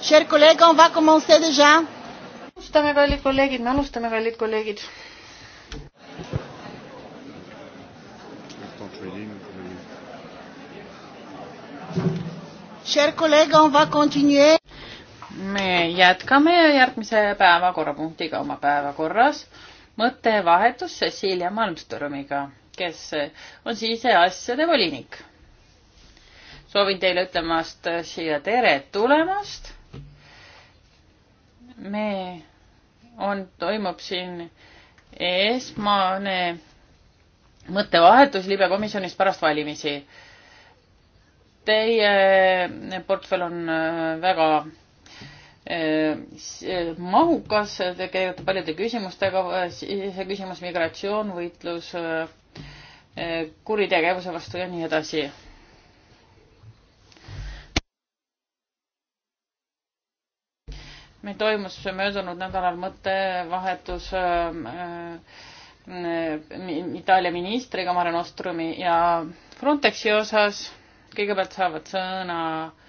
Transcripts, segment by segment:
Chers collègues, on va commencer déjà. alustame, kallid kolleegid, me alustame, kallid kolleegid. Chers collègues, on va continuer me jätkame järgmise päevakorrapunktiga oma päevakorras. mõttevahetus Cecilia Malmströmiga, kes on siseasjade volinik. soovin teile ütlemast siia tere tulemast. me, on, toimub siin esmane mõttevahetus libekomisjonis pärast valimisi. Teie portfell on väga Äh, mahukas, tegelikult paljude küsimustega, äh, see küsimus migratsioon, võitlus äh, kuritegevuse vastu ja nii edasi. meil toimus möödunud nädalal mõttevahetus Itaalia ministriga Mare Nostrumi ja Frontexi osas. kõigepealt saavad sõna äh,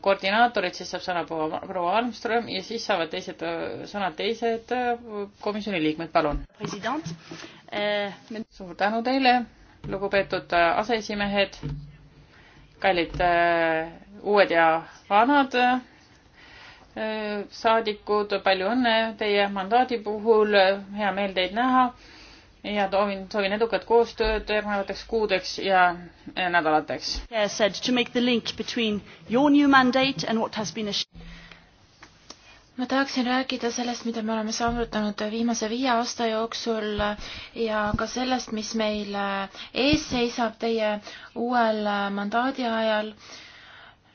koordinaatorid, siis saab sõna proua Armström ja siis saavad teised, sõna teised äh, komisjoni liikmed, palun. Eh... suur tänu teile, lugupeetud äh, aseesimehed, kallid eh, uued ja vanad eh, saadikud, palju õnne teie mandaadi puhul, hea meel teid näha ja toovin, soovin edukat koostööd järgnevateks kuudeks ja nädalateks. ma tahaksin rääkida sellest, mida me oleme saavutanud viimase viie aasta jooksul ja ka sellest, mis meil ees seisab teie uuel mandaadi ajal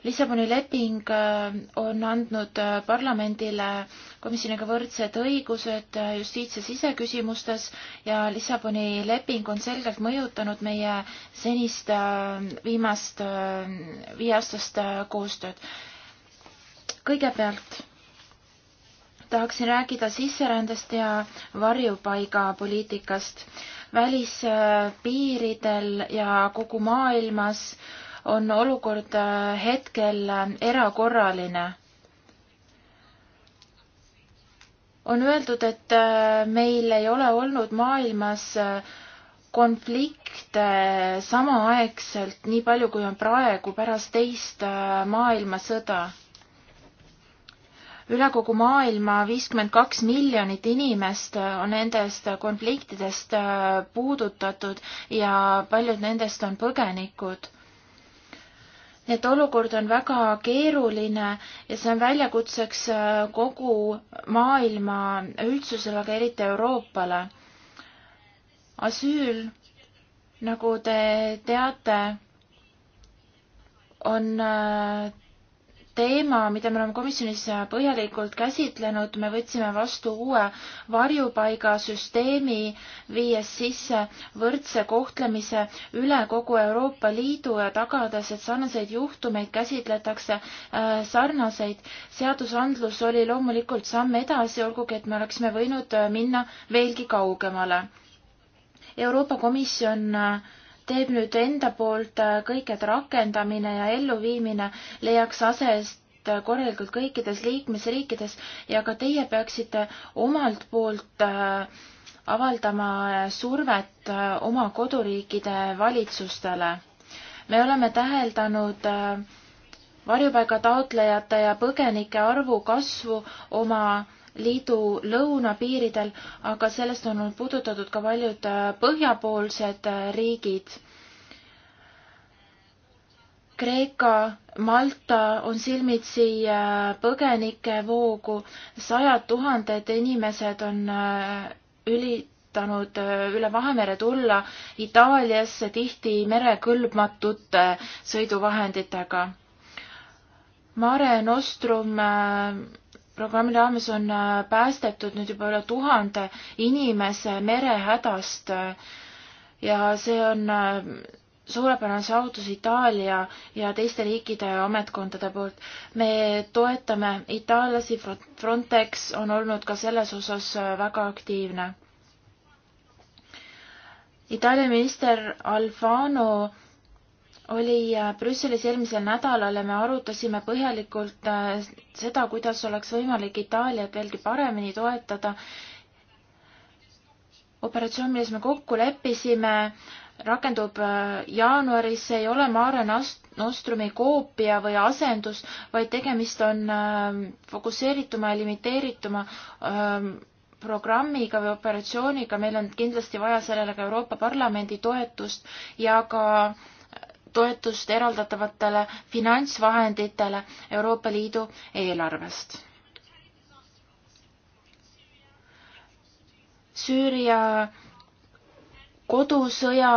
Lissaboni leping äh, on andnud äh, parlamendile komisjoniga võrdsed õigused äh, justiits- ja siseküsimustes ja Lissaboni leping on selgelt mõjutanud meie senist viimast viieaastast koostööd. kõigepealt tahaksin rääkida sisserändest ja varjupaigapoliitikast. välispiiridel ja kogu maailmas äh, on olukord äh, hetkel äh, erakorraline. on öeldud, et äh, meil ei ole olnud maailmas konflikte samaaegselt nii palju, kui on praegu pärast teist maailmasõda. üle kogu maailma viiskümmend kaks miljonit inimest on nendest konfliktidest puudutatud ja paljud nendest on põgenikud nii et olukord on väga keeruline ja see on väljakutseks äh, kogu maailma üldsusele, aga eriti Euroopale. asüül, nagu te teate, on äh, teema, mida me oleme komisjonis põhjalikult käsitlenud, me võtsime vastu uue varjupaigasüsteemi, viies sisse võrdse kohtlemise üle kogu Euroopa Liidu ja tagades, et sarnaseid juhtumeid käsitletakse äh, sarnaseid. seadusandlus oli loomulikult samm edasi, olgugi et me oleksime võinud äh, minna veelgi kaugemale. Euroopa Komisjon äh, teeb nüüd enda poolt äh, kõik, et rakendamine ja elluviimine leiaks asest äh, korralikult kõikides liikmesriikides ja ka teie peaksite omalt poolt äh, avaldama survet oma koduriikide valitsustele. me oleme täheldanud varjupaigataotlejate ja põgenike arvu kasvu oma Liidu lõunapiiridel, aga sellest on olnud puudutatud ka paljud äh, põhjapoolsed äh, riigid. Kreeka, Malta on silmitsi äh, põgenikevoogu, sajad tuhanded inimesed on üritanud üle Vahemere tulla Itaaliasse tihti merekõlbmatute sõiduvahenditega Mare Nostrum programmi raames on äh, päästetud nüüd juba üle tuhande inimese merehädast äh, ja see on äh, suurepärane saavutus Itaalia ja teiste riikide ametkondade poolt. me toetame itaallasi, Frontex on olnud ka selles osas väga aktiivne. Itaalia minister Alfano oli äh, Brüsselis eelmisel nädalal ja me arutasime põhjalikult äh, seda, kuidas oleks võimalik Itaaliat veelgi paremini toetada. operatsioon, milles me kokku leppisime, rakendub äh, jaanuaris, see ei ole Mare Nostrumi koopia või asendus, vaid tegemist on ähm, fokusseerituma ja limiteerituma ähm, programmiga või operatsiooniga, meil on kindlasti vaja sellele ka Euroopa Parlamendi toetust ja ka äh, toetust eraldatavatele finantsvahenditele Euroopa Liidu eelarvest. Süüria kodusõja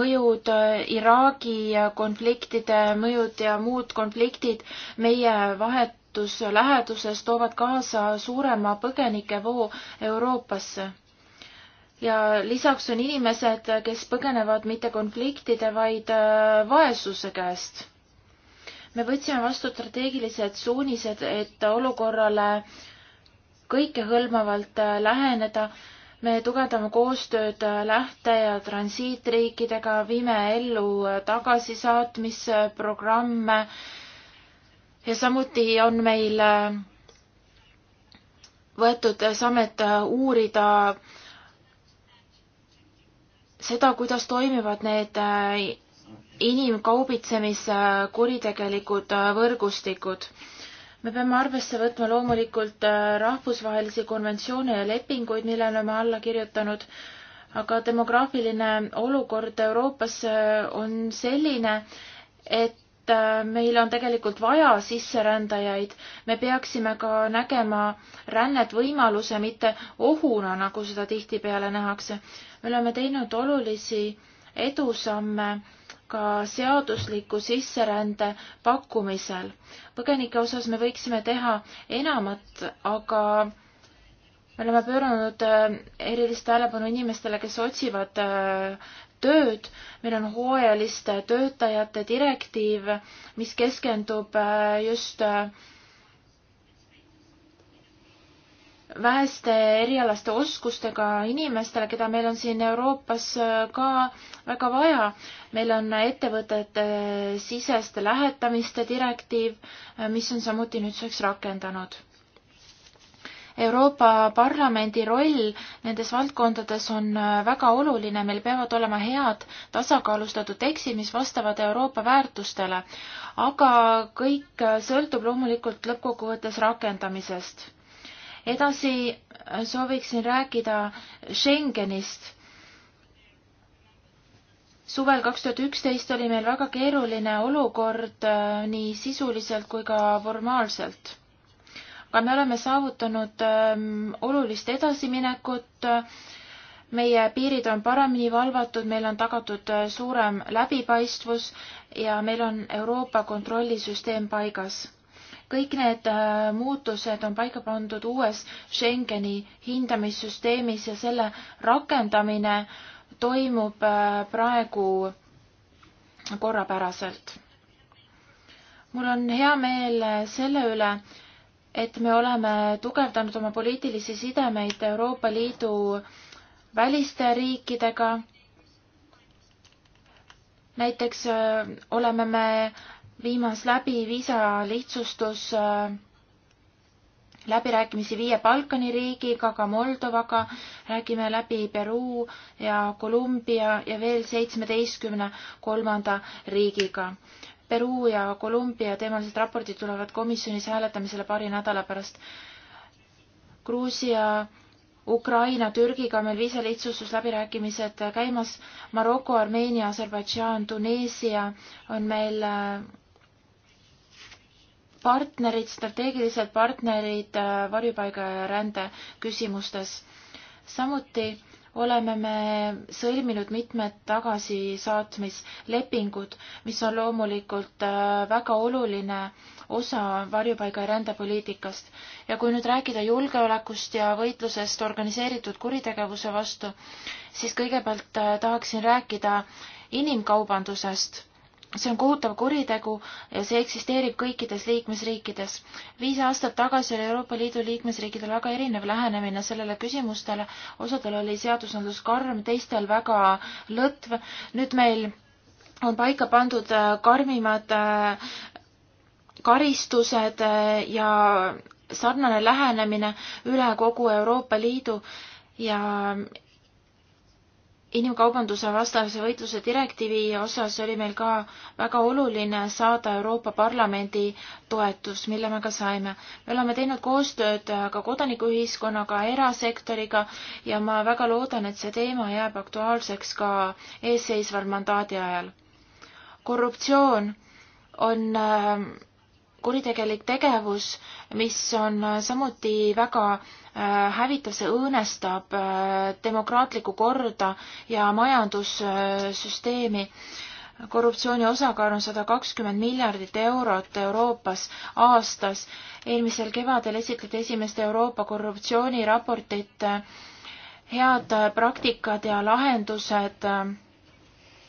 mõjud, Iraagi konfliktide mõjud ja muud konfliktid meie vahetus läheduses toovad kaasa suurema põgenikevoo Euroopasse ja lisaks on inimesed, kes põgenevad mitte konfliktide, vaid äh, vaesuse käest. me võtsime vastu strateegilised suunised, et olukorrale kõikehõlmavalt äh, läheneda. me tugevdame koostööd äh, lähte- ja transiitriikidega, viime ellu tagasisaatmisprogramme ja samuti on meil võetud samet uurida äh, seda, kuidas toimivad need äh, inimkaubitsemise kuritegelikud äh, võrgustikud. me peame arvesse võtma loomulikult äh, rahvusvahelisi konventsioone ja lepinguid, millele me alla kirjutanud, aga demograafiline olukord Euroopas on selline, et et äh, meil on tegelikult vaja sisserändajaid. me peaksime ka nägema rännet võimaluse, mitte ohuna, nagu seda tihtipeale nähakse. me oleme teinud olulisi edusamme ka seadusliku sisserände pakkumisel. põgenike osas me võiksime teha enamat, aga me oleme pööranud äh, erilist tähelepanu inimestele, kes otsivad äh, tööd. meil on hooajaliste töötajate direktiiv, mis keskendub äh, just äh, väheste erialaste oskustega inimestele, keda meil on siin Euroopas äh, ka väga vaja. meil on ettevõtete siseste lähetamiste direktiiv, mis on samuti nüüdseks rakendanud Euroopa Parlamendi roll nendes valdkondades on äh, väga oluline, meil peavad olema head tasakaalustatud tekstid, mis vastavad Euroopa väärtustele, aga kõik äh, sõltub loomulikult lõppkokkuvõttes rakendamisest. edasi äh, sooviksin rääkida Schengenist suvel kaks tuhat üksteist oli meil väga keeruline olukord nii sisuliselt kui ka formaalselt aga me oleme saavutanud ähm, olulist edasiminekut. meie piirid on paremini valvatud, meil on tagatud äh, suurem läbipaistvus ja meil on Euroopa kontrollisüsteem paigas kõik need äh, muutused on paika pandud uues Schengeni hindamissüsteemis ja selle rakendamine toimub äh, praegu korrapäraselt. mul on hea meel selle üle, et me oleme tugevdanud oma poliitilisi sidemeid Euroopa Liidu väliste riikidega. näiteks äh, oleme me viimas läbi viisa lihtsustus äh, läbirääkimisi viie Balkani riigiga, ka Moldovaga, räägime läbi Peruu ja Kolumbia ja veel seitsmeteistkümne kolmanda riigiga. Peruu ja Kolumbia teemalised raportid tulevad komisjonis hääletamisele paari nädala pärast. Gruusia, Ukraina, Türgiga on meil viisalihtsustusläbirääkimised käimas, Maroko, Armeenia, Aserbaidžaan, Tuneesia on meil äh, partnerid, strateegilised partnerid äh, varjupaiga ja rände küsimustes. samuti oleme me sõlminud mitmed tagasisaatmislepingud, mis on loomulikult äh, väga oluline osa varjupaiga ja rändepoliitikast. ja kui nüüd rääkida julgeolekust ja võitlusest organiseeritud kuritegevuse vastu, siis kõigepealt äh, tahaksin rääkida inimkaubandusest see on kohutav kuritegu ja see eksisteerib kõikides liikmesriikides. viis aastat tagasi oli Euroopa Liidu liikmesriikidel väga erinev lähenemine sellele küsimustele, osadel oli seadusandlus karm, teistel väga lõtv. nüüd meil on paika pandud äh, karmimad äh, karistused äh, ja sarnane lähenemine üle kogu Euroopa Liidu ja inimkaubanduse vastase võitluse direktiivi osas oli meil ka väga oluline saada Euroopa Parlamendi toetus, mille me ka saime. me oleme teinud koostööd ka kodanikuühiskonnaga, erasektoriga ja ma väga loodan, et see teema jääb aktuaalseks ka eesseisval mandaadi ajal. korruptsioon on äh, kuritegelik tegevus, mis on samuti väga äh, hävitav, see õõnestab äh, demokraatlikku korda ja majandussüsteemi. korruptsiooni osakaal on sada kakskümmend miljardit eurot Euroopas aastas. eelmisel kevadel esitleti esimest Euroopa korruptsiooniraportit head praktikad ja lahendused äh,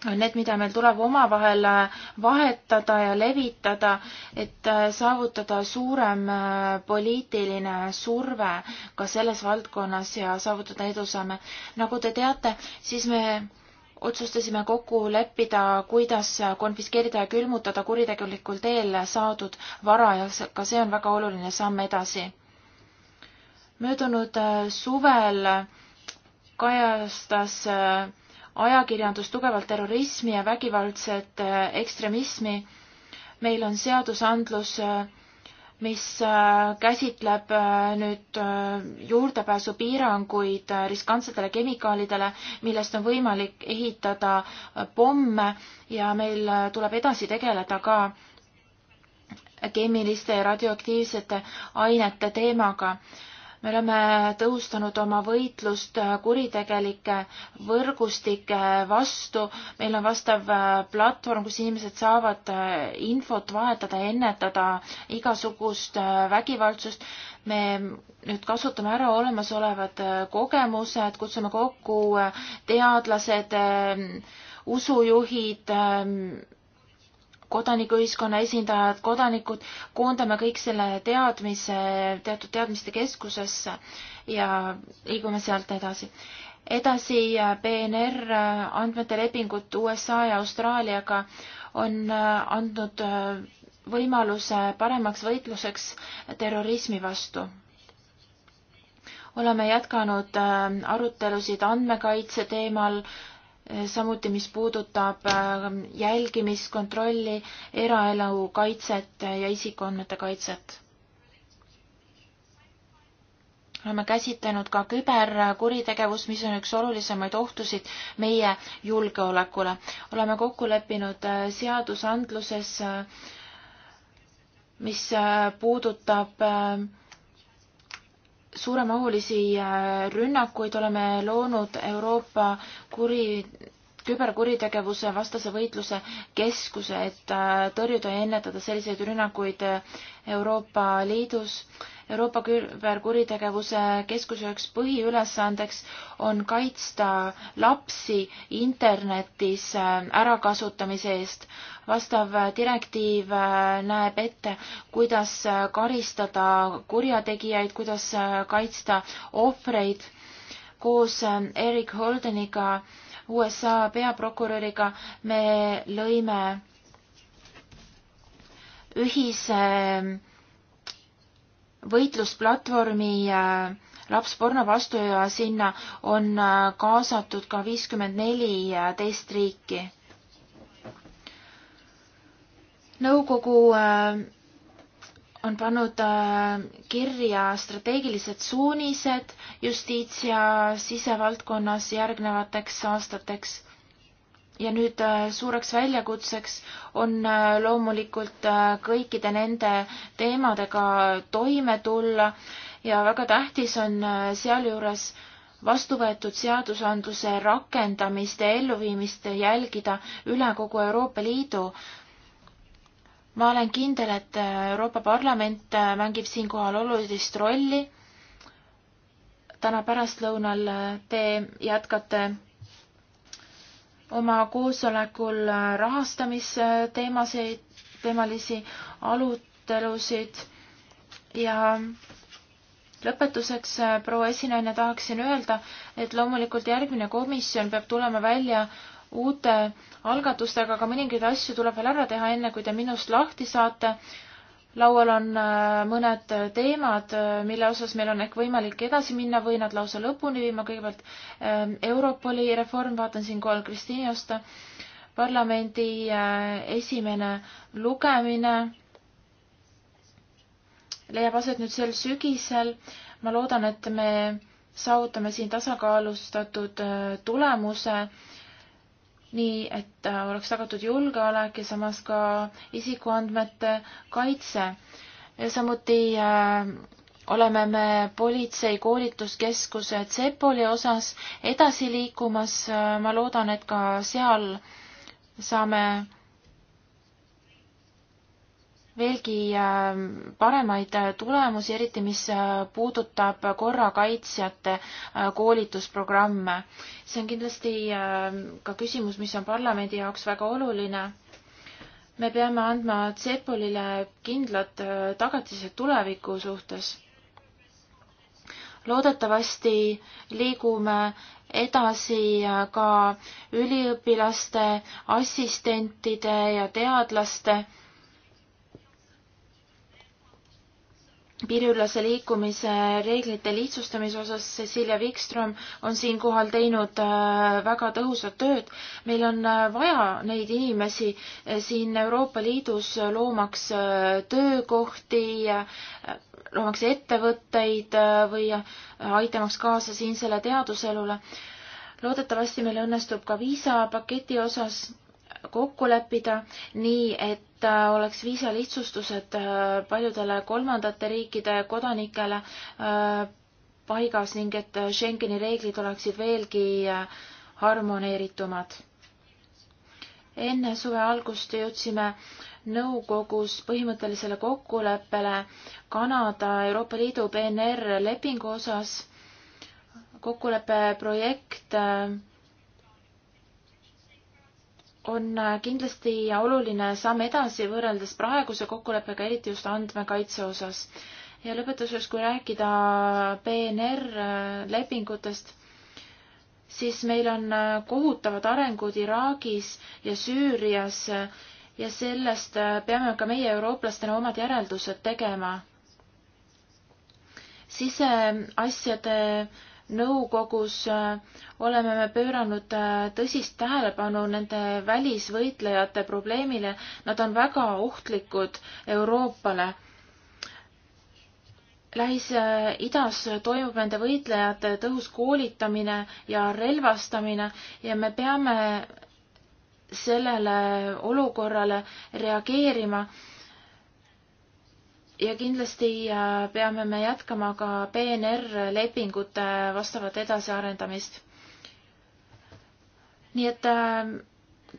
need, mida meil tuleb omavahel äh, vahetada ja levitada, et äh, saavutada suurem äh, poliitiline surve ka selles valdkonnas ja saavutada edusamme. nagu te teate, siis me otsustasime kokku leppida, kuidas konfiskeerida ja külmutada kuritegelikul teel saadud vara ja ka see on väga oluline samm edasi. möödunud suvel kajastas ajakirjandus tugevalt terrorismi ja vägivaldset äh, ekstremismi. meil on seadusandlus, äh, mis äh, käsitleb nüüd juurdepääsupiiranguid riskantsetele kemikaalidele, millest on võimalik ehitada pomme ja meil tuleb edasi tegeleda ka keemiliste ja radioaktiivsete ainete teemaga me oleme tõhustanud oma võitlust äh, kuritegelike võrgustike äh, vastu, meil on vastav äh, platvorm, kus inimesed saavad infot vahetada ja ennetada igasugust vägivaldsust. me nüüd kasutame ära olemasolevad kogemused, kutsume kokku teadlased, usujuhid ähm, kodanikuühiskonna esindajad, kodanikud, koondame kõik selle teadmise teatud teadmiste keskusesse ja liigume sealt edasi. edasi PNR andmete lepingut USA ja Austraaliaga on äh, andnud äh, võimaluse paremaks võitluseks terrorismi vastu oleme jätkanud äh, arutelusid andmekaitse teemal, samuti mis puudutab ähm, jälgimiskontrolli, eraelu kaitset ja isikuandmete kaitset. oleme käsitlenud ka küberkuritegevust, mis on üks olulisemaid ohtusid meie julgeolekule. oleme kokku leppinud äh, seadusandluses, äh, mis äh, puudutab äh, suuremahulisi äh, rünnakuid, oleme loonud Euroopa kuri, küberkuritegevuse vastase võitluse keskuse, et äh, tõrjuda ja ennetada selliseid rünnakuid äh, Euroopa Liidus. Euroopa küberkuritegevuse keskuse üks põhiülesandeks on kaitsta lapsi internetis äh, ärakasutamise eest. vastav direktiiv näeb ette, kuidas karistada kurjategijaid, kuidas kaitsta ohvreid koos Erik Holdeniga äh, USA peaprokuröriga me lõime ühise võitlusplatvormi äh, lapsporno vastu ja sinna on äh, kaasatud ka viiskümmend neli äh, teist riiki. nõukogu on pannud äh, kirja strateegilised suunised justiits- ja sisevaldkonnas järgnevateks aastateks. ja nüüd äh, suureks väljakutseks on äh, loomulikult kõikide nende teemadega toime tulla ja väga tähtis on sealjuures vastu võetud seadusandluse rakendamist ja elluviimist jälgida üle kogu Euroopa Liidu ma olen kindel, et äh, Euroopa Parlament äh, mängib siinkohal olulist rolli. täna pärastlõunal äh, te jätkate oma koosolekul rahastamisteemasid, teemalisi arutelusid ja lõpetuseks, proua esinaine, tahaksin öelda, et loomulikult järgmine komisjon peab tulema välja uute algatustega, aga mõningaid asju tuleb veel ära teha, enne kui te minust lahti saate. laual on äh, mõned teemad, äh, mille osas meil on ehk võimalik edasi minna või nad lausa lõpuni viima. kõigepealt ähm, Europoli reform, vaatan siinkohal Kristiiniost, parlamendi äh, esimene lugemine leiab aset nüüd sel sügisel. ma loodan, et me saavutame siin tasakaalustatud tulemuse nii et äh, oleks tagatud julgeolek ja samas ka isikuandmete kaitse. samuti äh, oleme me politsei koolituskeskuse CEPOL-i osas edasi liikumas, äh, ma loodan, et ka seal saame veelgi ähm, paremaid äh, tulemusi, eriti mis äh, puudutab korrakaitsjate äh, koolitusprogramme. see on kindlasti ähm, ka küsimus, mis on parlamendi jaoks väga oluline. me peame andma Tsepolile kindlad tagatised tuleviku suhtes. loodetavasti liigume edasi ka üliõpilaste, assistentide ja teadlaste piiriülase liikumise reeglite lihtsustamise osas Cecilia Wikström on siinkohal teinud äh, väga tõhusat tööd. meil on äh, vaja neid inimesi äh, siin Euroopa Liidus loomaks töökohti, loomaks ettevõtteid või aitamaks kaasa siinsele teaduselule. loodetavasti meil õnnestub ka viisapaketi osas kokku leppida, nii et et äh, oleks viisalihtsustused äh, paljudele kolmandate riikide kodanikele äh, paigas ning et Schengeni reeglid oleksid veelgi harmoneeritumad. enne suve algust jõudsime nõukogus põhimõttelisele kokkuleppele Kanada Euroopa Liidu PNR lepingu osas. kokkuleppe projekt äh, on äh, kindlasti oluline samm edasi võrreldes praeguse kokkuleppega, eriti just andmekaitse osas. ja lõpetuseks, kui rääkida PNR-lepingutest, äh, siis meil on äh, kohutavad arengud Iraagis ja Süürias ja sellest peame ka meie eurooplastena omad järeldused tegema. siseasjade äh, nõukogus äh, oleme me pööranud äh, tõsist tähelepanu nende välisvõitlejate probleemile. Nad on väga ohtlikud Euroopale. Lähis-Idas äh, toimub nende võitlejate tõhus koolitamine ja relvastamine ja me peame sellele olukorrale reageerima ja kindlasti äh, peame me jätkama ka PNR-lepingute vastavat edasiarendamist. nii et äh,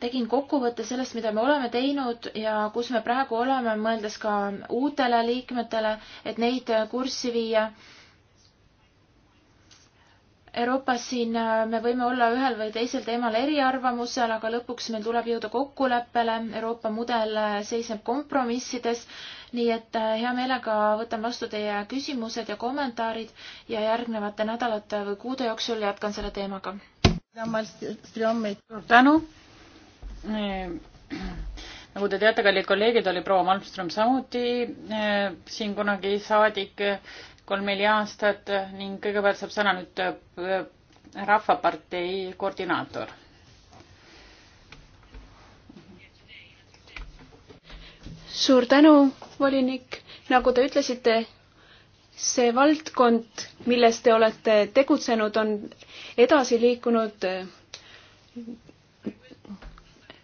tegin kokkuvõtte sellest, mida me oleme teinud ja kus me praegu oleme, mõeldes ka uutele liikmetele, et neid äh, kurssi viia. Euroopas siin me võime olla ühel või teisel teemal eriarvamusel, aga lõpuks meil tuleb jõuda kokkuleppele, Euroopa mudel seisneb kompromissides nii et äh, hea meelega võtan vastu teie küsimused ja kommentaarid ja järgnevate nädalate või kuude jooksul jätkan selle teemaga. suur tänu. Ehm, nagu te teate, kallid kolleegid, oli proua Malmström samuti ehm, siin kunagi saadik kolm-neli aastat ning kõigepealt saab sõna nüüd äh, Rahvapartei koordinaator suur tänu, volinik. nagu te ütlesite, see valdkond, milles te olete tegutsenud, on edasi liikunud äh,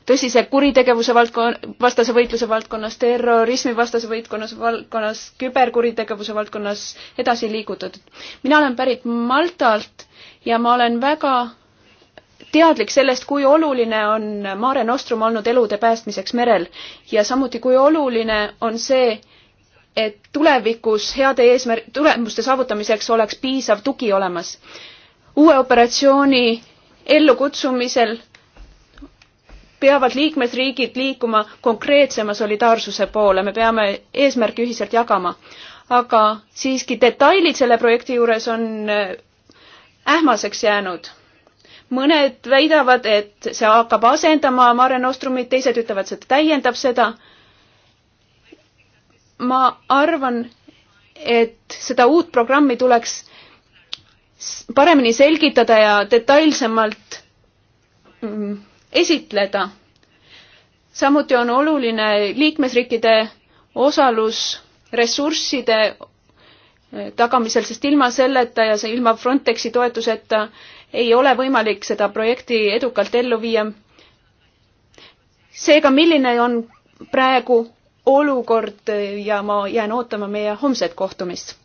tõsise kuritegevuse valdkonna, vastase võitluse valdkonnas, terrorismi vastase võitkonnas, valdkonnas, küberkuritegevuse valdkonnas edasi liigutud. mina olen pärit Maltalt ja ma olen väga teadlik sellest, kui oluline on Mare Nostrum olnud elude päästmiseks merel ja samuti, kui oluline on see, et tulevikus heade eesmärk, tulemuste saavutamiseks oleks piisav tugi olemas. uue operatsiooni ellukutsumisel peavad liikmesriigid liikuma konkreetsema solidaarsuse poole, me peame eesmärki ühiselt jagama. aga siiski detailid selle projekti juures on äh, ähmaseks jäänud mõned väidavad, et see hakkab asendama Mare Nostrumit, teised ütlevad, et see täiendab seda. ma arvan, et seda uut programmi tuleks paremini selgitada ja detailsemalt mm, esitleda. samuti on oluline liikmesriikide osalus ressursside tagamisel, sest ilma selleta ja see ilma Frontexi toetuseta ei ole võimalik seda projekti edukalt ellu viia. seega, milline on praegu olukord ja ma jään ootama meie homset kohtumist.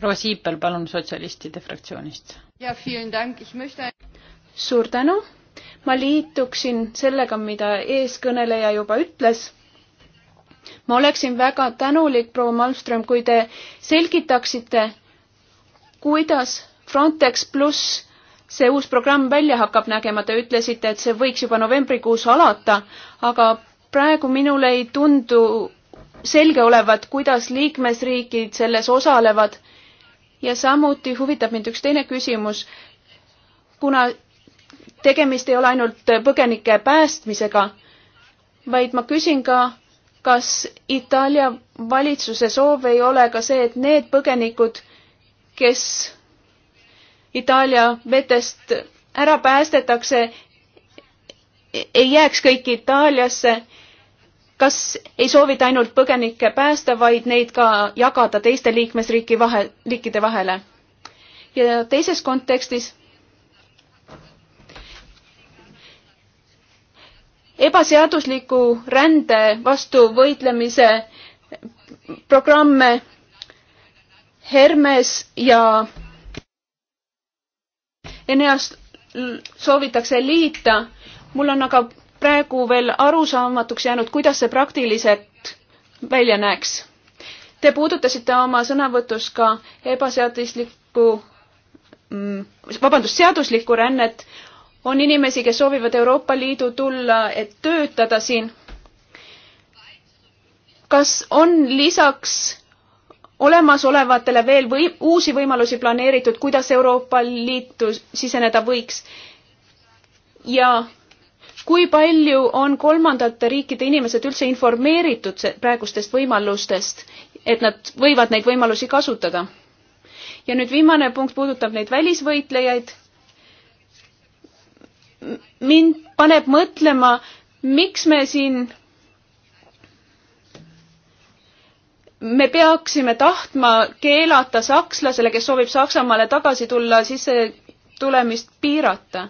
proua Siipel, palun sotsialistide fraktsioonist. Möchte... suur tänu. ma liituksin sellega, mida eeskõneleja juba ütles. ma oleksin väga tänulik, proua Malmström, kui te selgitaksite, kuidas Frontex pluss see uus programm välja hakkab nägema, te ütlesite, et see võiks juba novembrikuus alata, aga praegu minule ei tundu selge olevat, kuidas liikmesriigid selles osalevad. ja samuti huvitab mind üks teine küsimus. kuna tegemist ei ole ainult põgenike päästmisega, vaid ma küsin ka, kas Itaalia valitsuse soov ei ole ka see, et need põgenikud, kes Itaalia vetest ära päästetakse, ei jääks kõik Itaaliasse. kas ei soovita ainult põgenikke päästa, vaid neid ka jagada teiste liikmesriiki vahe, riikide vahele? ja teises kontekstis ebaseadusliku rände vastu võitlemise programme Hermes ja Eneast soovitakse liita. mul on aga praegu veel arusaamatuks jäänud, kuidas see praktiliselt välja näeks. Te puudutasite oma sõnavõtus ka ebaseaduslikku, mm, vabandust, seaduslikku rännet. on inimesi, kes soovivad Euroopa Liidu tulla, et töötada siin. kas on lisaks olemasolevatele veel või uusi võimalusi planeeritud, kuidas Euroopa Liitu siseneda võiks. ja kui palju on kolmandate riikide inimesed üldse informeeritud praegustest võimalustest, et nad võivad neid võimalusi kasutada? ja nüüd viimane punkt puudutab neid välisvõitlejaid. mind paneb mõtlema, miks me siin me peaksime tahtma keelata sakslasele, kes soovib Saksamaale tagasi tulla, sisse tulemist piirata.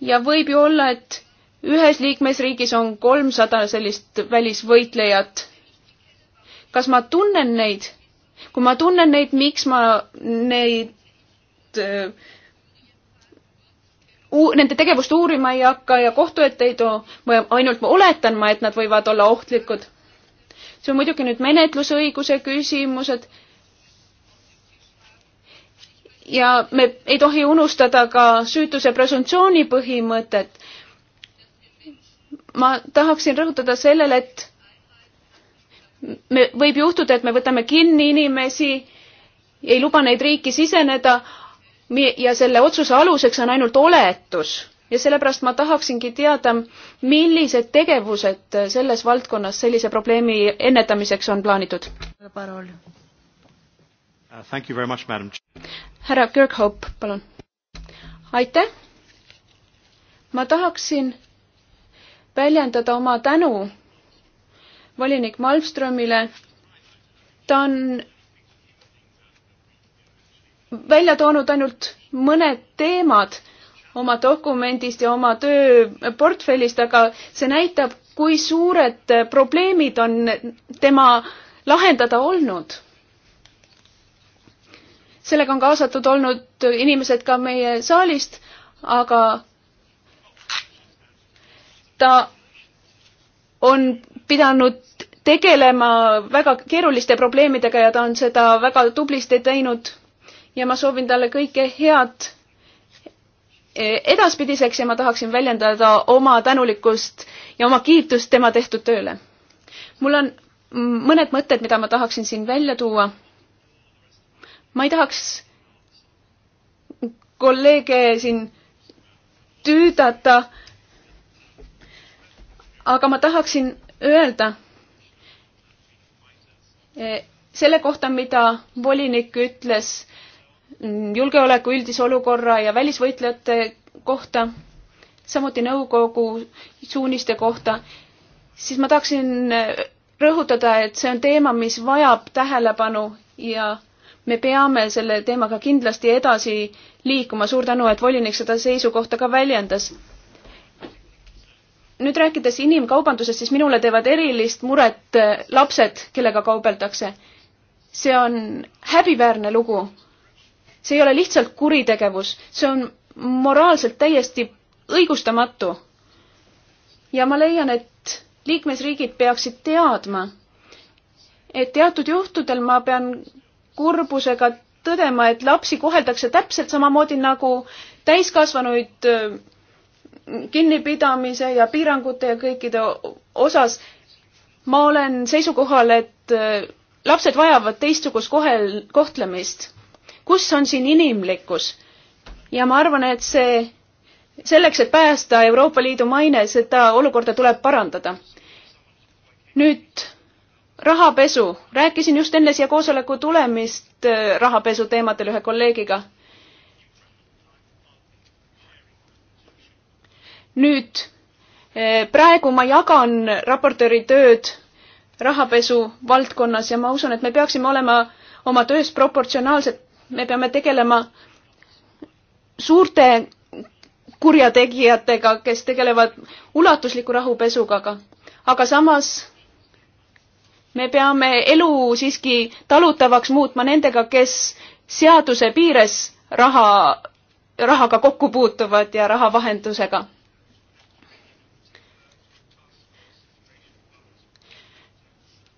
ja võib ju olla, et ühes liikmesriigis on kolmsada sellist välisvõitlejat. kas ma tunnen neid? kui ma tunnen neid, miks ma neid äh, uu-, nende tegevust uurima ei hakka ja kohtu ette ei too, ma ainult ma oletan ma, et nad võivad olla ohtlikud see on muidugi nüüd menetlusõiguse küsimused. ja me ei tohi unustada ka süütuse presumptsiooni põhimõtet. ma tahaksin rõhutada sellele, et me, võib juhtuda, et me võtame kinni inimesi, ei luba neid riiki siseneda ja selle otsuse aluseks on ainult oletus ja sellepärast ma tahaksingi teada, millised tegevused selles valdkonnas sellise probleemi ennetamiseks on plaanitud? Uh, härra Kirkhope, palun. aitäh. ma tahaksin väljendada oma tänu volinik Malmströmile. ta on välja toonud ainult mõned teemad, oma dokumendist ja oma tööportfellist, aga see näitab, kui suured probleemid on tema lahendada olnud. sellega on kaasatud olnud inimesed ka meie saalist, aga ta on pidanud tegelema väga keeruliste probleemidega ja ta on seda väga tublisti teinud ja ma soovin talle kõike head Eh, edaspidiseks ja ma tahaksin väljendada oma tänulikkust ja oma kiitust tema tehtud tööle. mul on mõned mõtted, mida ma tahaksin siin välja tuua. ma ei tahaks kolleege siin tüüdata, aga ma tahaksin öelda eh, selle kohta, mida volinik ütles äh, julgeoleku üldise olukorra ja välisvõitlejate kohta, samuti nõukogu suuniste kohta, siis ma tahaksin rõhutada, et see on teema, mis vajab tähelepanu ja me peame selle teemaga kindlasti edasi liikuma. suur tänu, et volinik seda seisukohta ka väljendas. nüüd rääkides inimkaubandusest, siis minule teevad erilist muret lapsed, kellega kaubeldakse. see on häbiväärne lugu see ei ole lihtsalt kuritegevus, see on moraalselt täiesti õigustamatu. ja ma leian, et liikmesriigid peaksid teadma, et teatud juhtudel ma pean kurbusega tõdema, et lapsi koheldakse täpselt samamoodi nagu täiskasvanuid äh, kinnipidamise ja piirangute ja kõikide osas. ma olen seisukohal, et äh, lapsed vajavad teistsugust kohel-, kohtlemist kus on siin inimlikkus? ja ma arvan, et see, selleks, et päästa Euroopa Liidu maine, seda olukorda tuleb parandada. nüüd rahapesu, rääkisin just enne siia koosoleku tulemist äh, rahapesu teemadel ühe kolleegiga. nüüd äh, praegu ma jagan raportööri tööd rahapesu valdkonnas ja ma usun, et me peaksime olema oma töös proportsionaalsed me peame tegelema suurte kurjategijatega, kes tegelevad ulatusliku rahupesuga, aga, aga samas me peame elu siiski talutavaks muutma nendega, kes seaduse piires raha, rahaga kokku puutuvad ja rahavahendusega.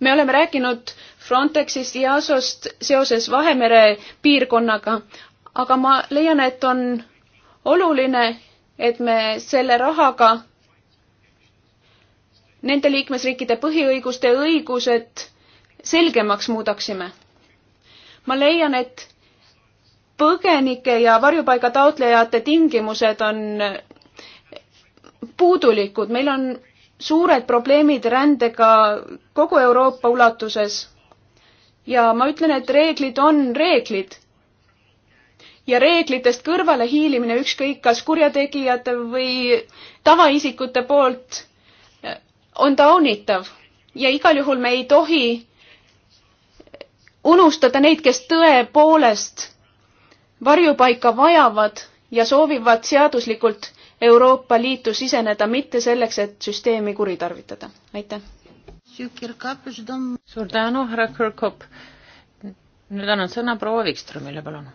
me oleme rääkinud Frontexist ja EASO-st seoses Vahemere piirkonnaga, aga ma leian, et on oluline, et me selle rahaga nende liikmesriikide põhiõiguste õigused selgemaks muudaksime. ma leian, et põgenike ja varjupaiga taotlejate tingimused on puudulikud, meil on suured probleemid rändega kogu Euroopa ulatuses ja ma ütlen, et reeglid on reeglid. ja reeglitest kõrvalehiilimine, ükskõik kas kurjategijate või tavaisikute poolt, eh, on taunitav ja igal juhul me ei tohi unustada neid, kes tõepoolest varjupaika vajavad ja soovivad seaduslikult Euroopa Liitu siseneda, mitte selleks, et süsteemi kuritarvitada. aitäh! suur tänu, härra Kirkop. nüüd annan sõna proua Vikströmile, palun.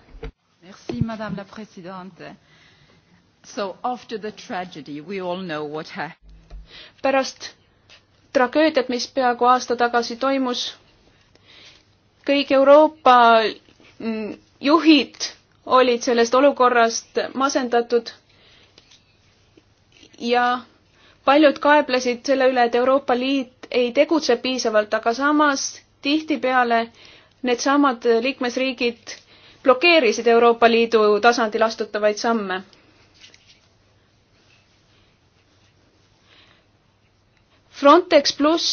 Merci, madame la presidente. So after the tragedy we all know what happened. pärast tragöödiat, mis peaaegu aasta tagasi toimus, kõik Euroopa mm, juhid olid sellest olukorrast masendatud ja paljud kaeblesid selle üle, et Euroopa Liit ei tegutse piisavalt, aga samas tihtipeale needsamad liikmesriigid blokeerisid Euroopa Liidu tasandil astutavaid samme. Frontex pluss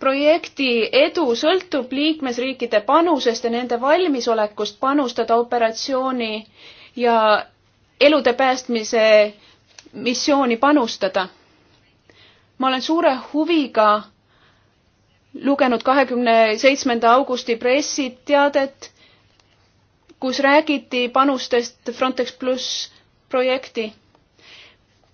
projekti edu sõltub liikmesriikide panusest ja nende valmisolekust panustada operatsiooni ja elude päästmise missiooni panustada ma olen suure huviga lugenud kahekümne seitsmenda augusti pressiteadet, kus räägiti panustest Frontex pluss projekti.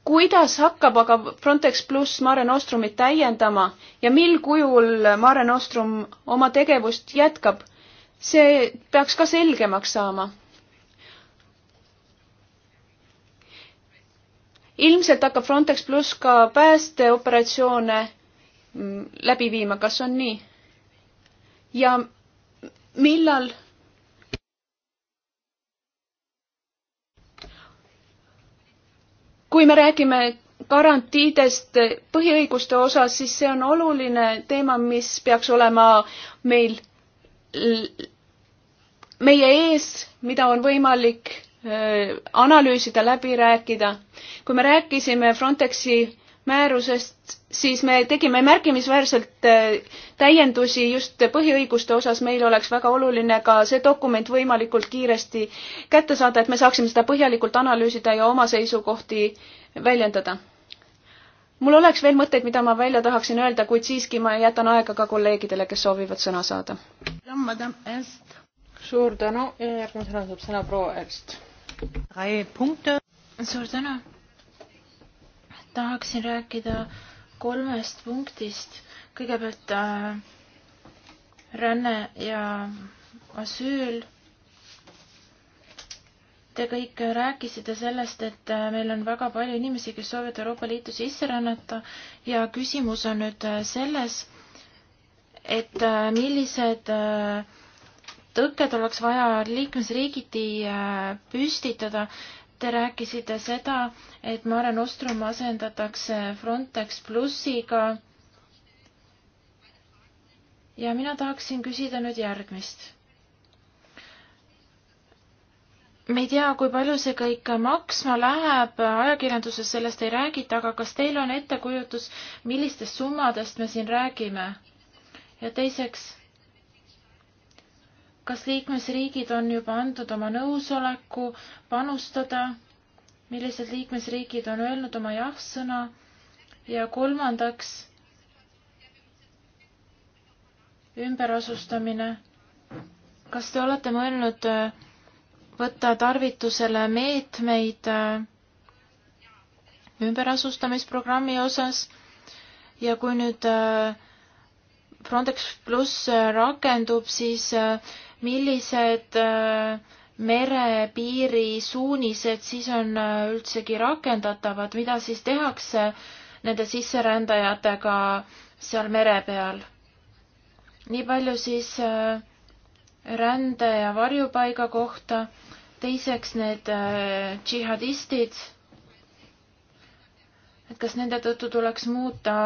kuidas hakkab aga Frontex pluss Mare Nostrumit täiendama ja mil kujul Mare Nostrum oma tegevust jätkab? see peaks ka selgemaks saama ilmselt hakkab Frontex pluss ka päästeoperatsioone mm, läbi viima, kas on nii? ja millal kui me räägime garantiidest põhiõiguste osas, siis see on oluline teema, mis peaks olema meil, meie ees, mida on võimalik Äh, analüüsida, läbi rääkida. kui me rääkisime Frontexi määrusest, siis me tegime märkimisväärselt äh, täiendusi just põhiõiguste osas, meil oleks väga oluline ka see dokument võimalikult kiiresti kätte saada, et me saaksime seda põhjalikult analüüsida ja oma seisukohti väljendada. mul oleks veel mõtteid, mida ma välja tahaksin öelda, kuid siiski ma jätan aega ka kolleegidele, kes soovivad sõna saada. suur tänu ja järgmisena saab sõna proua Ernst suur tänu. tahaksin rääkida kolmest punktist. kõigepealt äh, ränne ja asüül. Te kõik rääkisite sellest, et äh, meil on väga palju inimesi, kes soovivad Euroopa Liitu sisse rännata ja küsimus on nüüd äh, selles, et äh, millised äh, tõkked oleks vaja liikmesriigiti äh, püstitada. Te rääkisite seda, et Mare Nostrum asendatakse Frontex plussiga. ja mina tahaksin küsida nüüd järgmist. me ei tea, kui palju see kõik maksma läheb, ajakirjanduses sellest ei räägita, aga kas teil on ettekujutus, millistest summadest me siin räägime? ja teiseks kas liikmesriigid on juba andnud oma nõusoleku panustada, millised liikmesriigid on öelnud oma jah-sõna ja kolmandaks ümberasustamine. kas te olete mõelnud äh, võtta tarvitusele meetmeid äh, ümberasustamisprogrammi osas ja kui nüüd äh, Frontex pluss rakendub, siis millised äh, merepiiri suunised siis on äh, üldsegi rakendatavad, mida siis tehakse nende sisserändajatega seal mere peal? nii palju siis äh, rände ja varjupaiga kohta, teiseks need džihadistid, et kas nende tõttu tuleks muuta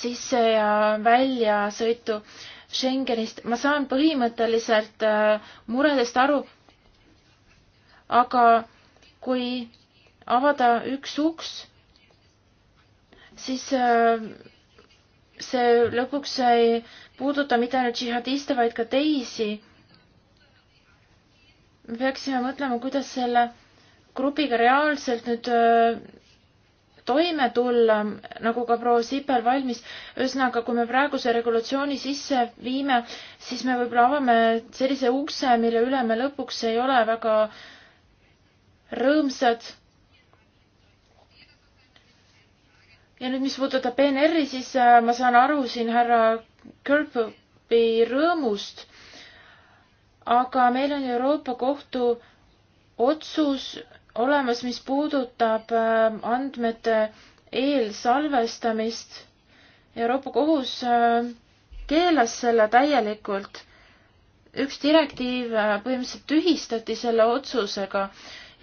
sisse ja väljasõitu Schengenist, ma saan põhimõtteliselt äh, muredest aru, aga kui avada üks uks, siis äh, see lõpuks ei puuduta mitte ainult džihadiste, vaid ka teisi. me peaksime mõtlema, kuidas selle grupiga reaalselt nüüd äh, toime tulla, nagu ka proua Sipel valmis. ühesõnaga, kui me praeguse regulatsiooni sisse viime, siis me võib-olla avame sellise ukse, mille üle me lõpuks ei ole väga rõõmsad. ja nüüd, mis puudutab PNR-i, siis äh, ma saan aru siin härra Kirkhopi rõõmust, aga meil on Euroopa Kohtu otsus olemas, mis puudutab äh, andmete eelsalvestamist. Euroopa Kohus äh, keelas selle täielikult. üks direktiiv äh, põhimõtteliselt tühistati selle otsusega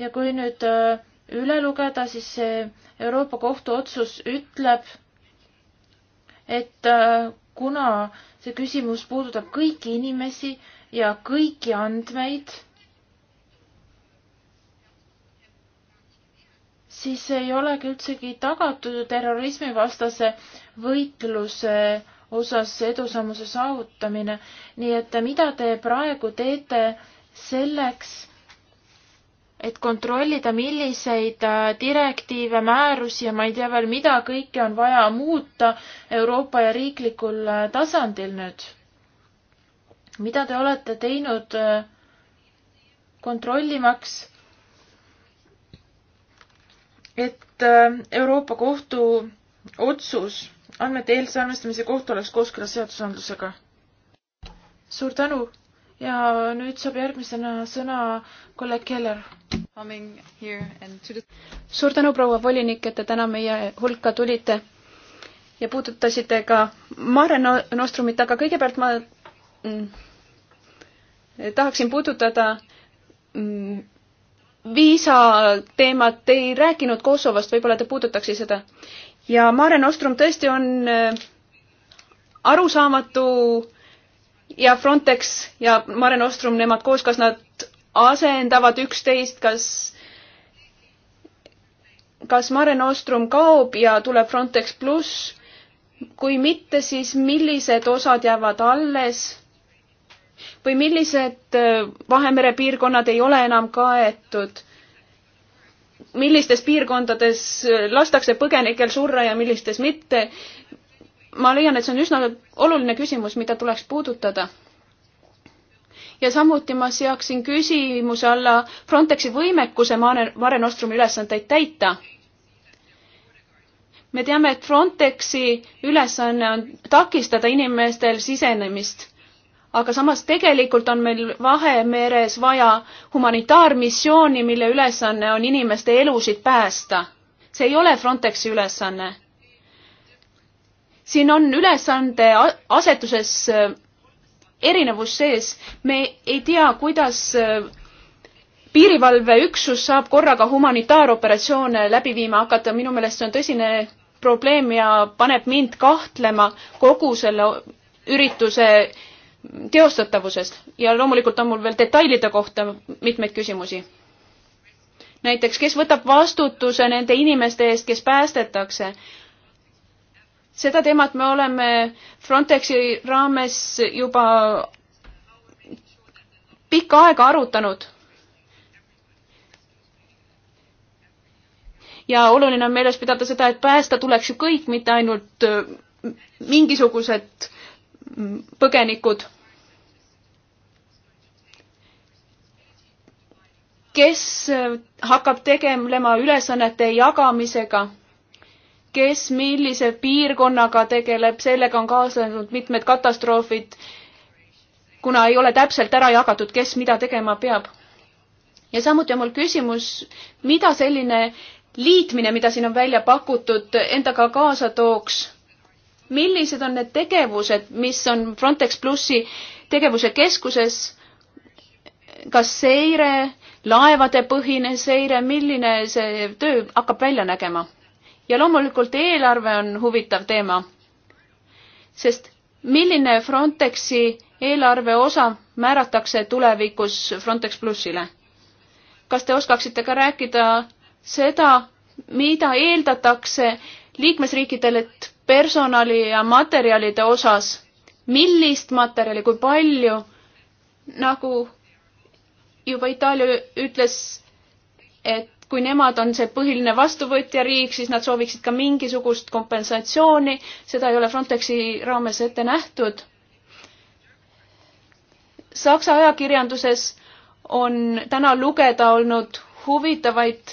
ja kui nüüd üle lugeda, siis see Euroopa Kohtu otsus ütleb, et kuna see küsimus puudutab kõiki inimesi ja kõiki andmeid siis ei olegi üldsegi tagatud terrorismivastase võitluse osas edusammuse saavutamine. nii et mida te praegu teete selleks, et kontrollida, milliseid äh, direktiive, määrusi ja ma ei tea veel, mida kõike on vaja muuta Euroopa ja riiklikul äh, tasandil nüüd? mida te olete teinud äh, kontrollimaks et äh, Euroopa Kohtu otsus andmete eelse arvestamise kohta oleks kooskõlas seadusandlusega. suur tänu ja nüüd saab järgmisena sõna kolleeg Keller. suur tänu, proua volinik, et te täna meie hulka tulite ja puudutasite ka Mare Nostrumit, aga kõigepealt ma mm, tahaksin puudutada mm, viisateemat te ei rääkinud Kosovost, võib-olla te puudutaks seda. ja Mare Nostrum tõesti on äh, arusaamatu ja Frontex ja Mare Nostrum, nemad koos, kas nad asendavad üksteist, kas kas Mare Nostrum kaob ja tuleb Frontex pluss? kui mitte, siis millised osad jäävad alles? või millised äh, Vahemere piirkonnad ei ole enam kaetud? millistes piirkondades äh, lastakse põgenikel surra ja millistes mitte? ma leian, et see on üsna oluline küsimus, mida tuleks puudutada. ja samuti ma seaksin küsimuse alla Frontexi võimekuse Mare, Mare Nostrumi ülesandeid täita. me teame, et Frontexi ülesanne on takistada inimestel sisenemist aga samas tegelikult on meil Vahemeres vaja humanitaarmissiooni, mille ülesanne on inimeste elusid päästa. see ei ole Frontexi ülesanne. siin on ülesande asetuses äh, erinevus sees, me ei tea, kuidas äh, piirivalveüksus saab korraga humanitaaroperatsioone läbi viima hakata, minu meelest see on tõsine probleem ja paneb mind kahtlema kogu selle ürituse teostatavusest ja loomulikult on mul veel detailide kohta mitmeid küsimusi. näiteks, kes võtab vastutuse nende inimeste eest, kes päästetakse? seda teemat me oleme Frontexi raames juba pikka aega arutanud. ja oluline on meeles pidada seda, et päästa tuleks ju kõik, mitte ainult mingisugused põgenikud kes äh, hakkab tegelema ülesannete jagamisega, kes millise piirkonnaga tegeleb, sellega on kaasnenud mitmed katastroofid, kuna ei ole täpselt ära jagatud, kes mida tegema peab. ja samuti on mul küsimus, mida selline liitmine, mida siin on välja pakutud, endaga kaasa tooks? millised on need tegevused, mis on Frontex plussi tegevuse keskuses, kas seire, laevade põhine seire, milline see töö hakkab välja nägema. ja loomulikult eelarve on huvitav teema, sest milline Frontexi eelarve osa määratakse tulevikus Frontex plussile? kas te oskaksite ka rääkida seda, mida eeldatakse liikmesriikidelt personali ja materjalide osas, millist materjali, kui palju, nagu juba Itaalia ütles, et kui nemad on see põhiline vastuvõtjariik, siis nad sooviksid ka mingisugust kompensatsiooni, seda ei ole Frontexi raames ette nähtud. Saksa ajakirjanduses on täna lugeda olnud huvitavaid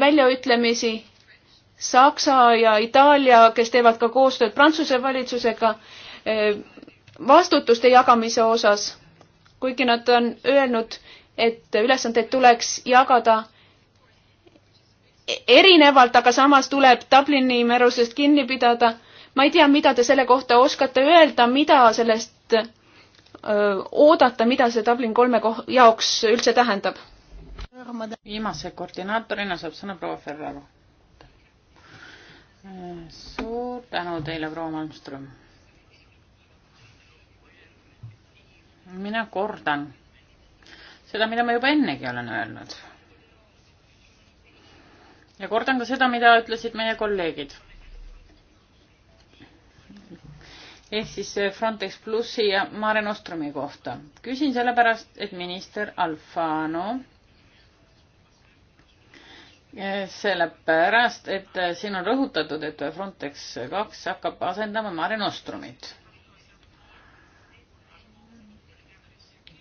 väljaütlemisi Saksa ja Itaalia, kes teevad ka koostööd Prantsuse valitsusega eh, vastutuste jagamise osas, kuigi nad on öelnud, et ülesanded tuleks jagada erinevalt, aga samas tuleb Dublini määrusest kinni pidada. ma ei tea, mida te selle kohta oskate öelda, mida sellest öö, oodata, mida see Dublin kolme koh-, jaoks üldse tähendab? viimase koordinaatorina saab sõna proua Ferraro. suur tänu teile, proua Malmström. mina kordan seda, mida ma juba ennegi olen öelnud. ja kordan ka seda, mida ütlesid meie kolleegid. ehk siis Frontex plussi ja Mare Nostrumi kohta. küsin sellepärast, et minister Alfano eh, sellepärast, et eh, siin on rõhutatud, et Frontex kaks hakkab asendama Mare Nostrumit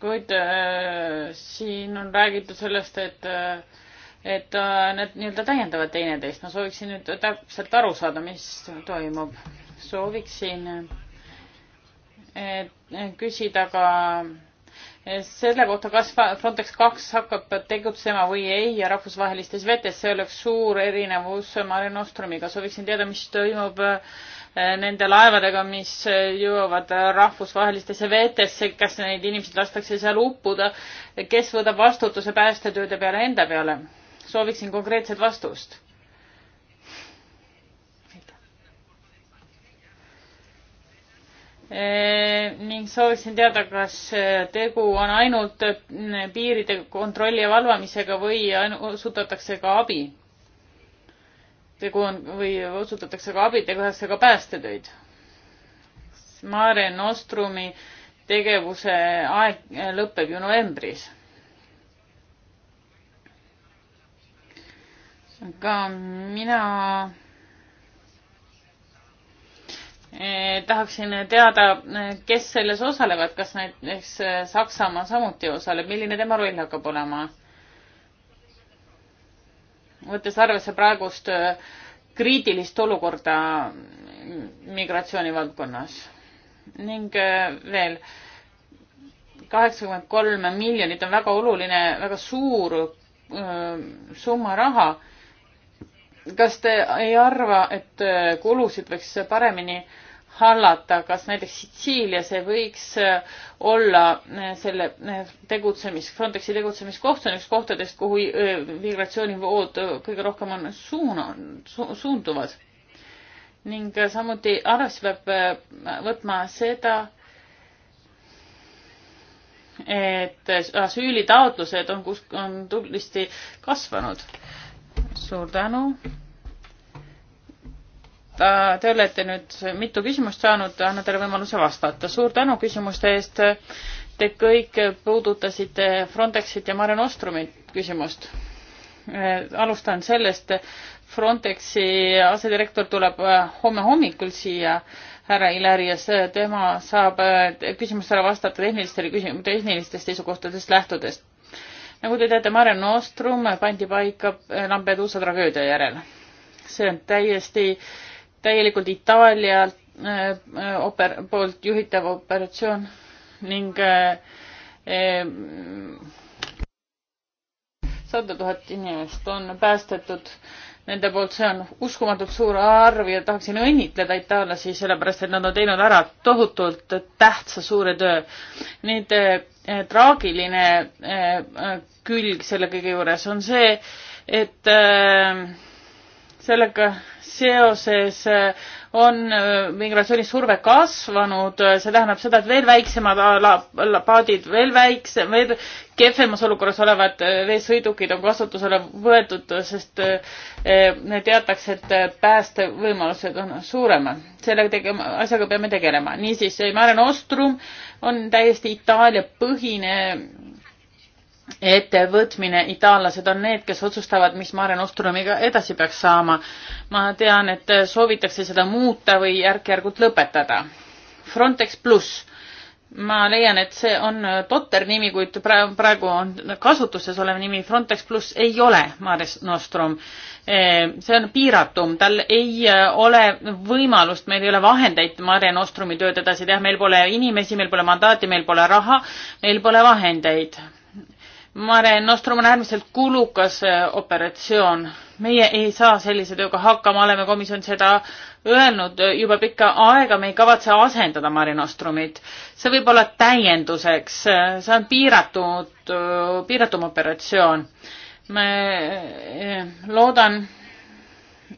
kuid äh, siin on räägitud sellest, et äh, et äh, need nii-öelda täiendavad teineteist. ma sooviksin nüüd täpselt aru saada, mis toimub. sooviksin et, äh, küsida ka äh, selle kohta, kas Frontex kaks hakkab tegutsema või ei ja rahvusvahelistes vetes, see oleks suur erinevus Mare Nostrumiga. sooviksin teada, mis toimub äh, Äh, nende laevadega, mis äh, jõuavad äh, rahvusvahelistesse veetesse, kas neid inimesed lastakse seal uppuda, kes võtab vastutuse päästetööde peale enda peale? sooviksin konkreetset vastust. ning sooviksin teada, kas tegu on ainult piiride kontrolli ja valvamisega või osutatakse ka abi tegu on või osutatakse ka abi, tehakse ka päästetöid. Mare Nostrumi tegevuse aeg lõpeb ju novembris. aga mina eh, tahaksin teada, kes selles osalevad, kas näiteks Saksamaa samuti osaleb, milline tema roll hakkab olema? võttes arvesse praegust äh, kriitilist olukorda migratsioonivaldkonnas ning äh, veel kaheksakümmend kolm miljonit on väga oluline, väga suur äh, summa raha. kas te ei arva, et kulusid võiks paremini äh, hallata, kas näiteks Sitsiilias ei võiks äh, olla äh, selle äh, tegutsemis, Frontexi tegutsemiskoht on üks kohtadest, kuhu migratsioonivood kõige rohkem on suuna su,, suunduvad. ning samuti arvesse peab võtma seda, et asüülitaotlused on, kus on tublisti kasvanud. suur tänu ta, te olete nüüd mitu küsimust saanud, annan teile võimaluse vastata. suur tänu küsimuste eest. Te kõik puudutasite Frontexit ja Mare Nostrumi küsimust. Äh, alustan sellest. Frontexi asedirektor tuleb äh, homme hommikul siia, härra Ilarias, tema saab äh, küsimustele vastata tehnilistele küsim-, tehnilistest seisukohtadest lähtudes. nagu te teate, Mare Nostrum pandi paika Lampeduusa tragöödia järel. see on täiesti äh, täielikult Itaalia äh, äh, oper-, poolt juhitav operatsioon ning äh, sada tuhat inimest on päästetud nende poolt, see on uskumatult suur arv ja tahaksin õnnitleda itaallasi, sellepärast et nad on teinud ära tohutult tähtsa suure töö. nüüd traagiline külg selle kõige juures on see, et äh, sellega seoses äh, on äh, migratsioonisurve kasvanud, see tähendab seda, et veel väiksemad paadid, veel väiksem, veel kehvemas olukorras olevad äh, veesõidukid on kasutusele võetud, sest teatakse, et päästevõimalused on suuremad. selle tegema, asjaga peame tegelema. niisiis, Mare Nostrum on täiesti Itaalia põhine ettevõtmine, itaallased on need, kes otsustavad, mis Mare Nostrumiga edasi peaks saama. ma tean, et soovitakse seda muuta või järk-järgult lõpetada. Frontex pluss, ma leian, et see on totter nimi, kuid praegu on kasutuses olev nimi Frontex pluss ei ole Mare Nostrum. E, see on piiratum, tal ei e, ole võimalust, meil ei ole vahendeid Mare Nostrumi tööd edasi teha, meil pole inimesi, meil pole mandaati, meil pole raha, meil pole vahendeid Mare Nostrum on äärmiselt kulukas äh, operatsioon. meie ei saa sellise tööga hakkama, oleme komisjon seda öelnud äh, juba pikka aega, me ei kavatse asendada Mare Nostrumit. see võib olla täienduseks, äh, see on piiratud, piiratum operatsioon. me loodan,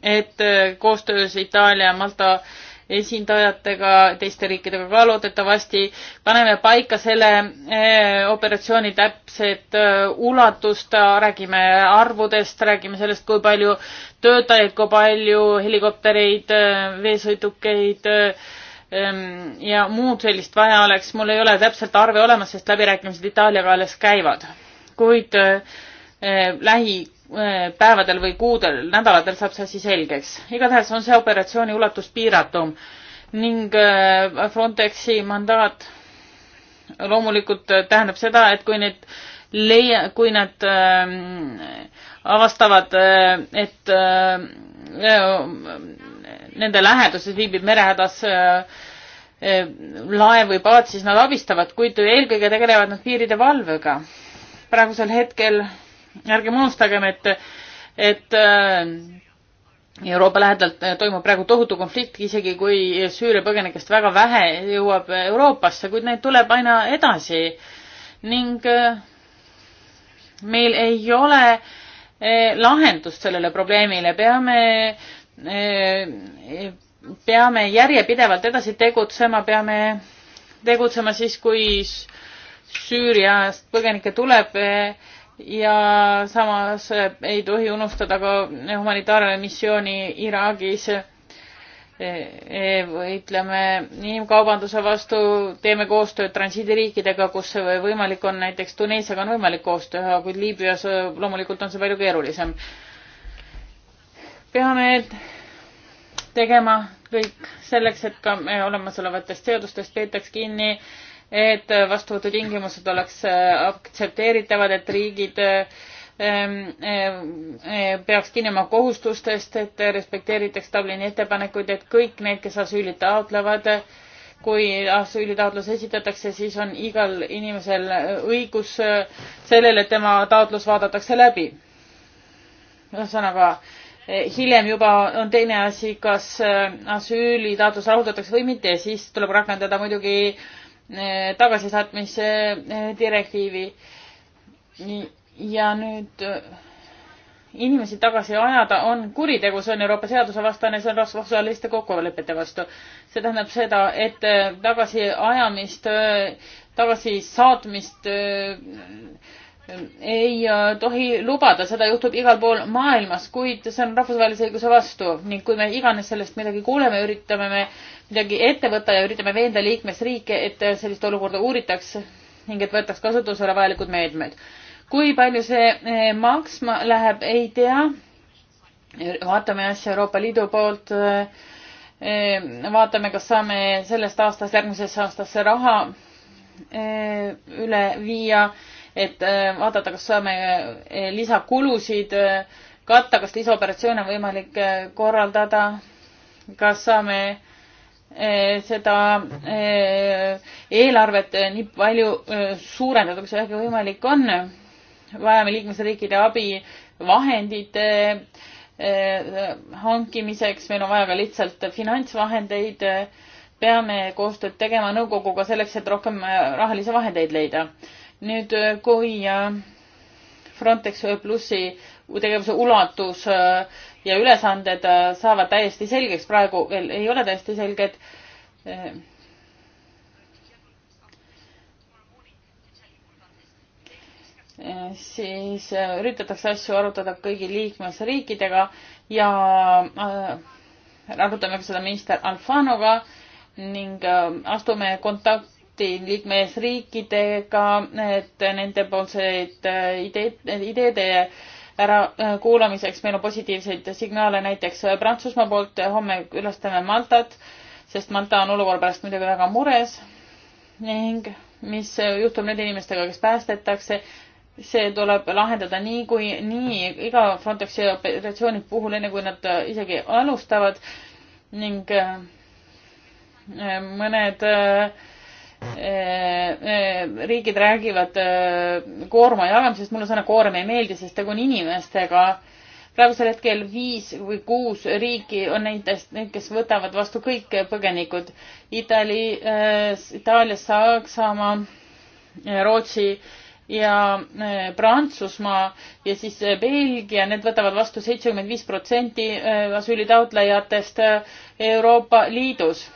et koostöös Itaalia, Malta äh, esindajatega, teiste riikidega ka loodetavasti. paneme paika selle eh, operatsiooni täpset eh, ulatust, räägime arvudest, räägime sellest, kui palju töötajaid, kui palju helikoptereid, eh, veesõidukeid ja muud sellist vaja oleks. mul ei ole täpselt arve olemas, sest läbirääkimised Itaaliaga alles käivad. kuid lähi Eh, päevadel või kuudel, nädalatel saab see asi selgeks. igatahes on see operatsiooni ulatus piiratum ning eh, Frontexi mandaat loomulikult eh, tähendab seda, et kui need leia-, kui nad äh, avastavad, et äh, nende läheduses viibib merehädas äh, laev või paat, siis nad abistavad, kuid eelkõige tegelevad nad piiride valvega. praegusel hetkel ärgem unustagem, et, et äh, Euroopa lähedalt äh, toimub praegu tohutu konflikt, isegi kui Süüria põgenikest väga vähe jõuab Euroopasse, kuid neid tuleb aina edasi ning äh, meil ei ole lahendust sellele probleemile, peame, peame järjepidevalt edasi tegutsema, peame tegutsema siis, kui Süüriast põgenikke tuleb ja samas eh, ei tohi unustada ka humanitaarne missiooni Iraagis. Eh, eh, võitleme inimkaubanduse vastu, teeme koostööd transiidiriikidega, kus see võimalik on, näiteks Tuneesiaga on võimalik koostöö teha, kuid Liibüas loomulikult on see palju keerulisem. peame tegema kõik selleks, et ka me olemasolevatest seadustest peetaks kinni et vastuvõtutingimused oleks äh, aktsepteeritavad, et riigid ähm, äh, äh, peaks kinnima kohustustest, et respekteeritaks Dublini ettepanekuid, et kõik need, kes asüüli taotlevad, kui asüülitaotlus esitatakse, siis on igal inimesel õigus sellele, et tema taotlus vaadatakse läbi. ühesõnaga, hiljem juba on teine asi, kas asüülitaotlus rahuldatakse või mitte, siis tuleb rakendada muidugi äh, Eh, tagasisaatmise eh, direktiivi. ja nüüd eh, inimesi tagasi ajada on kuritegu, see on Euroopa seaduse vastane, see on rahvusvaheliste kokkulepete vastu. see tähendab seda, et tagasiajamist, tagasisaatmist ei äh, tohi lubada, seda juhtub igal pool maailmas, kuid see on rahvusvahelise õiguse vastu ning kui me iganes sellest midagi kuuleme, üritame me midagi ette võtta ja üritame veenda liikmesriike, et äh, sellist olukorda uuritaks ning et võetaks kasutusele vajalikud meetmed. kui palju see äh, maksma läheb, ei tea. vaatame asja Euroopa Liidu poolt. vaatame, kas saame sellest aastast järgmisesse aastasse raha üle viia et äh, vaadata, kas saame äh, lisakulusid äh, katta, kas lisaoperatsioone on võimalik korraldada, kas saame seda eelarvet nii palju suurendada, kui see vähegi võimalik on. vajame liikmesriikide abi vahendite hankimiseks, meil on vaja ka lihtsalt finantsvahendeid. peame koostööd tegema nõukoguga selleks, et rohkem rahalisi vahendeid leida nüüd äh, kui Frontex plussi tegevuse ulatus äh, ja ülesanded äh, saavad täiesti selgeks, praegu veel ei ole täiesti selged. siis üritatakse asju arutada kõigi liikmesriikidega ja arutame ka seda minister Alfanoga ning astume kontakt, siin liikmesriikidega, et nendepoolseid äh, ideed, ideede äh, ärakuulamiseks äh, meil on positiivseid signaale näiteks Prantsusmaa poolt, homme külastame Maltat, sest Malta on olukorra pärast muidugi väga mures ning mis juhtub nende inimestega, kes päästetakse, see tuleb lahendada nii kui nii iga Frontexi operatsiooni puhul, enne kui nad isegi alustavad ning mõned äh, Äh, äh, riigid räägivad äh, koorma jagamisest, mulle sõna koorem ei meeldi, sest tegu on inimestega. praegusel hetkel viis või kuus riiki on nendest, need, kes võtavad vastu kõik põgenikud. Itali, Itaalias, Saksamaa, Rootsi ja Prantsusmaa ja siis Belgia, need võtavad vastu seitsekümmend viis protsenti asüülitaotlejatest Euroopa Liidus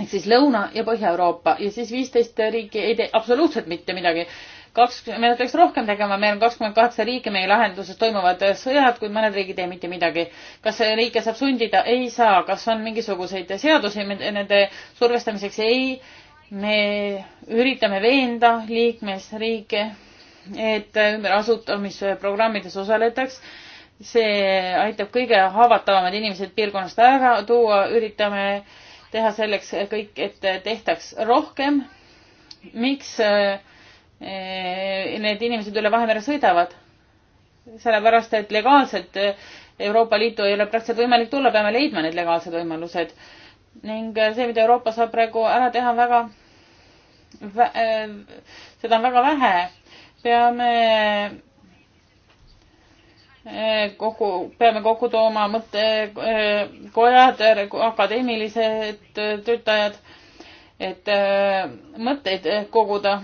ehk siis Lõuna- ja Põhja-Euroopa ja siis viisteist riiki ei tee absoluutselt mitte midagi. kakskümmend, me peaks rohkem tegema, meil on kakskümmend kaheksa riiki, meie lahenduses toimuvad sõjad, kuid mõned riigid ei tee mitte midagi. kas riike saab sundida? ei saa. kas on mingisuguseid seadusi nende survestamiseks? ei. me üritame veenda liikmesriike, et ümberasutamisprogrammides osaletaks see aitab kõige haavatavamad inimesed piirkonnast ära tuua, üritame äh, teha selleks kõik, et tehtaks rohkem. miks eh, need inimesed üle Vahemere sõidavad? sellepärast, et legaalselt Euroopa Liitu ei ole praktiliselt võimalik tulla, peame leidma need legaalsed võimalused. ning see, mida Euroopa saab praegu ära teha, on väga vä,, eh, seda on väga vähe. peame Eh, kogu, peame kokku tooma mõttekojad, eh, eh, akadeemilised töötajad, et mõtteid koguda.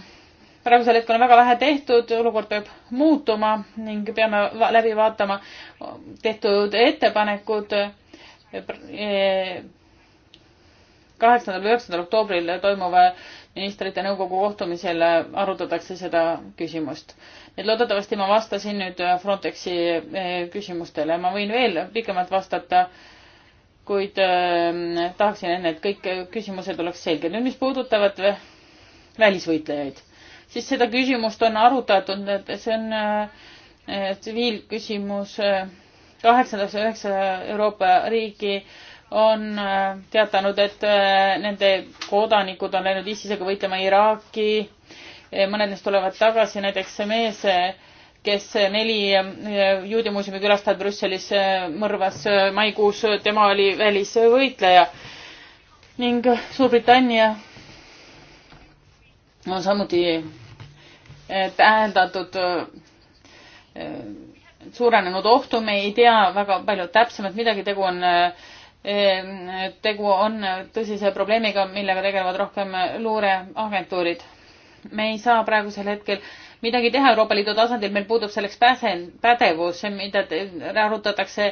praegusel hetkel on väga vähe tehtud, olukord peab muutuma ning peame läbi vaatama tehtud ettepanekud. kaheksandal, üheksandal oktoobril toimuva ministrite nõukogu kohtumisel arutatakse seda küsimust. et loodetavasti ma vastasin nüüd Frontexi eh, küsimustele, ma võin veel pikemalt vastata, kuid äh, tahaksin enne, et kõik küsimused oleks selged. nüüd, mis puudutavad välisvõitlejaid, siis seda küsimust on arutatud, et see on eh, tsiviilküsimus äh, kaheksandaks ja üheksa Euroopa riigi äh, on äh, teatanud, et äh, nende kodanikud on läinud ISISega võitlema Iraaki. Äh, mõned neist tulevad tagasi, näiteks see mees, kes neli juudi muuseumi külastajat Brüsselis mõrvas maikuus, tema oli välisvõitleja. ning Suurbritannia on samuti tähendatud suurenenud ohtu, me ei tea väga palju täpsemalt midagi, tegu on äh, Ehm, tegu on tõsise probleemiga, millega tegelevad rohkem luureagentuurid. me ei saa praegusel hetkel midagi teha Euroopa Liidu tasandil, meil puudub selleks päse, pädevus, mida arutatakse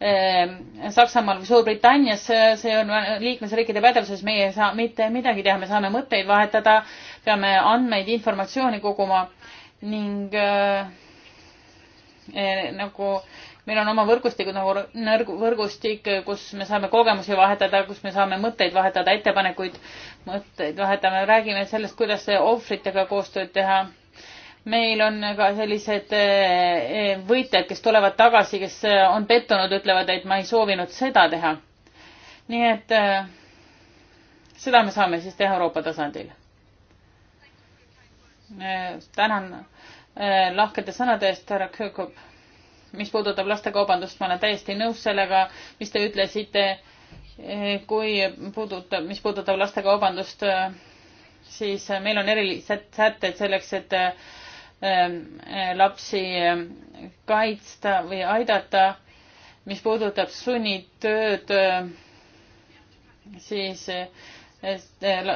ehm, Saksamaal või Suurbritannias, see on liikmesriikide pädevuses, meie ei saa mitte midagi teha, me saame mõtteid vahetada, peame andmeid, informatsiooni koguma ning äh, nagu äh, meil on oma võrgustikud nagu võrgustik, kus me saame kogemusi vahetada, kus me saame mõtteid vahetada, ettepanekuid, mõtteid vahetame, räägime sellest, kuidas ohvritega koostööd teha. meil on ka sellised eh, eh, võitjad, kes tulevad tagasi, kes eh, on pettunud, ütlevad, et ma ei soovinud seda teha. nii et seda me saame siis teha Euroopa tasandil. tänan lahkete sõnade eest, härra Köökop mis puudutab lastekaubandust, ma olen täiesti nõus sellega, mis te ütlesite. kui puudutab, mis puudutab lastekaubandust, siis meil on erilised sätted selleks, et ähm, lapsi ähm, kaitsta või aidata. mis puudutab sunnitööd, siis äh,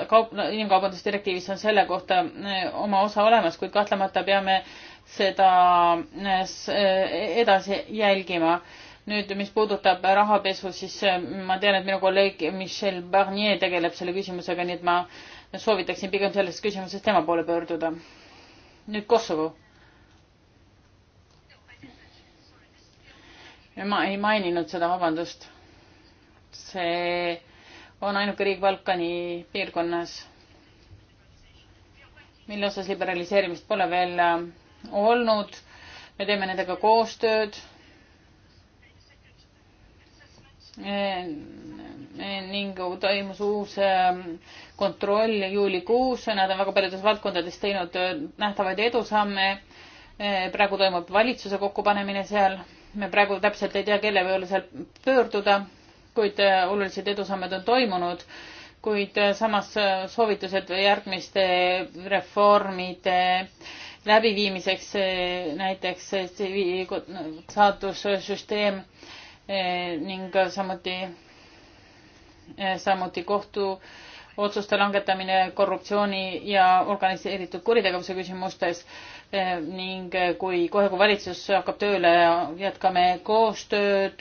kaup-, inimkaubandusdirektiivis on selle kohta äh, oma osa olemas, kuid kahtlemata peame seda eh, eh, edasi jälgima. nüüd, mis puudutab rahapesu, siis eh, ma tean, et minu kolleeg Michel Barnier tegeleb selle küsimusega, nii et ma soovitaksin pigem selles küsimuses tema poole pöörduda. nüüd Kosovo. ma ei maininud seda, vabandust. see on ainuke riik Balkani piirkonnas, mille osas liberaliseerimist pole veel olnud, me teeme nendega koostööd ning toimus uus ähm, kontroll juulikuus, nad on väga paljudes valdkondades teinud äh, nähtavaid edusamme. Äh, praegu toimub valitsuse kokkupanemine seal, me praegu täpselt ei tea, kelle poole seal pöörduda, kuid äh, olulised edusammed on toimunud, kuid samas soovitused järgmiste reformide läbiviimiseks, eh, näiteks eh, saatussüsteem eh, ning samuti, samuti kohtu otsuste langetamine korruptsiooni ja organiseeritud kuritegevuse küsimustes ning kui kohe, kui valitsus hakkab tööle, jätkame koostööd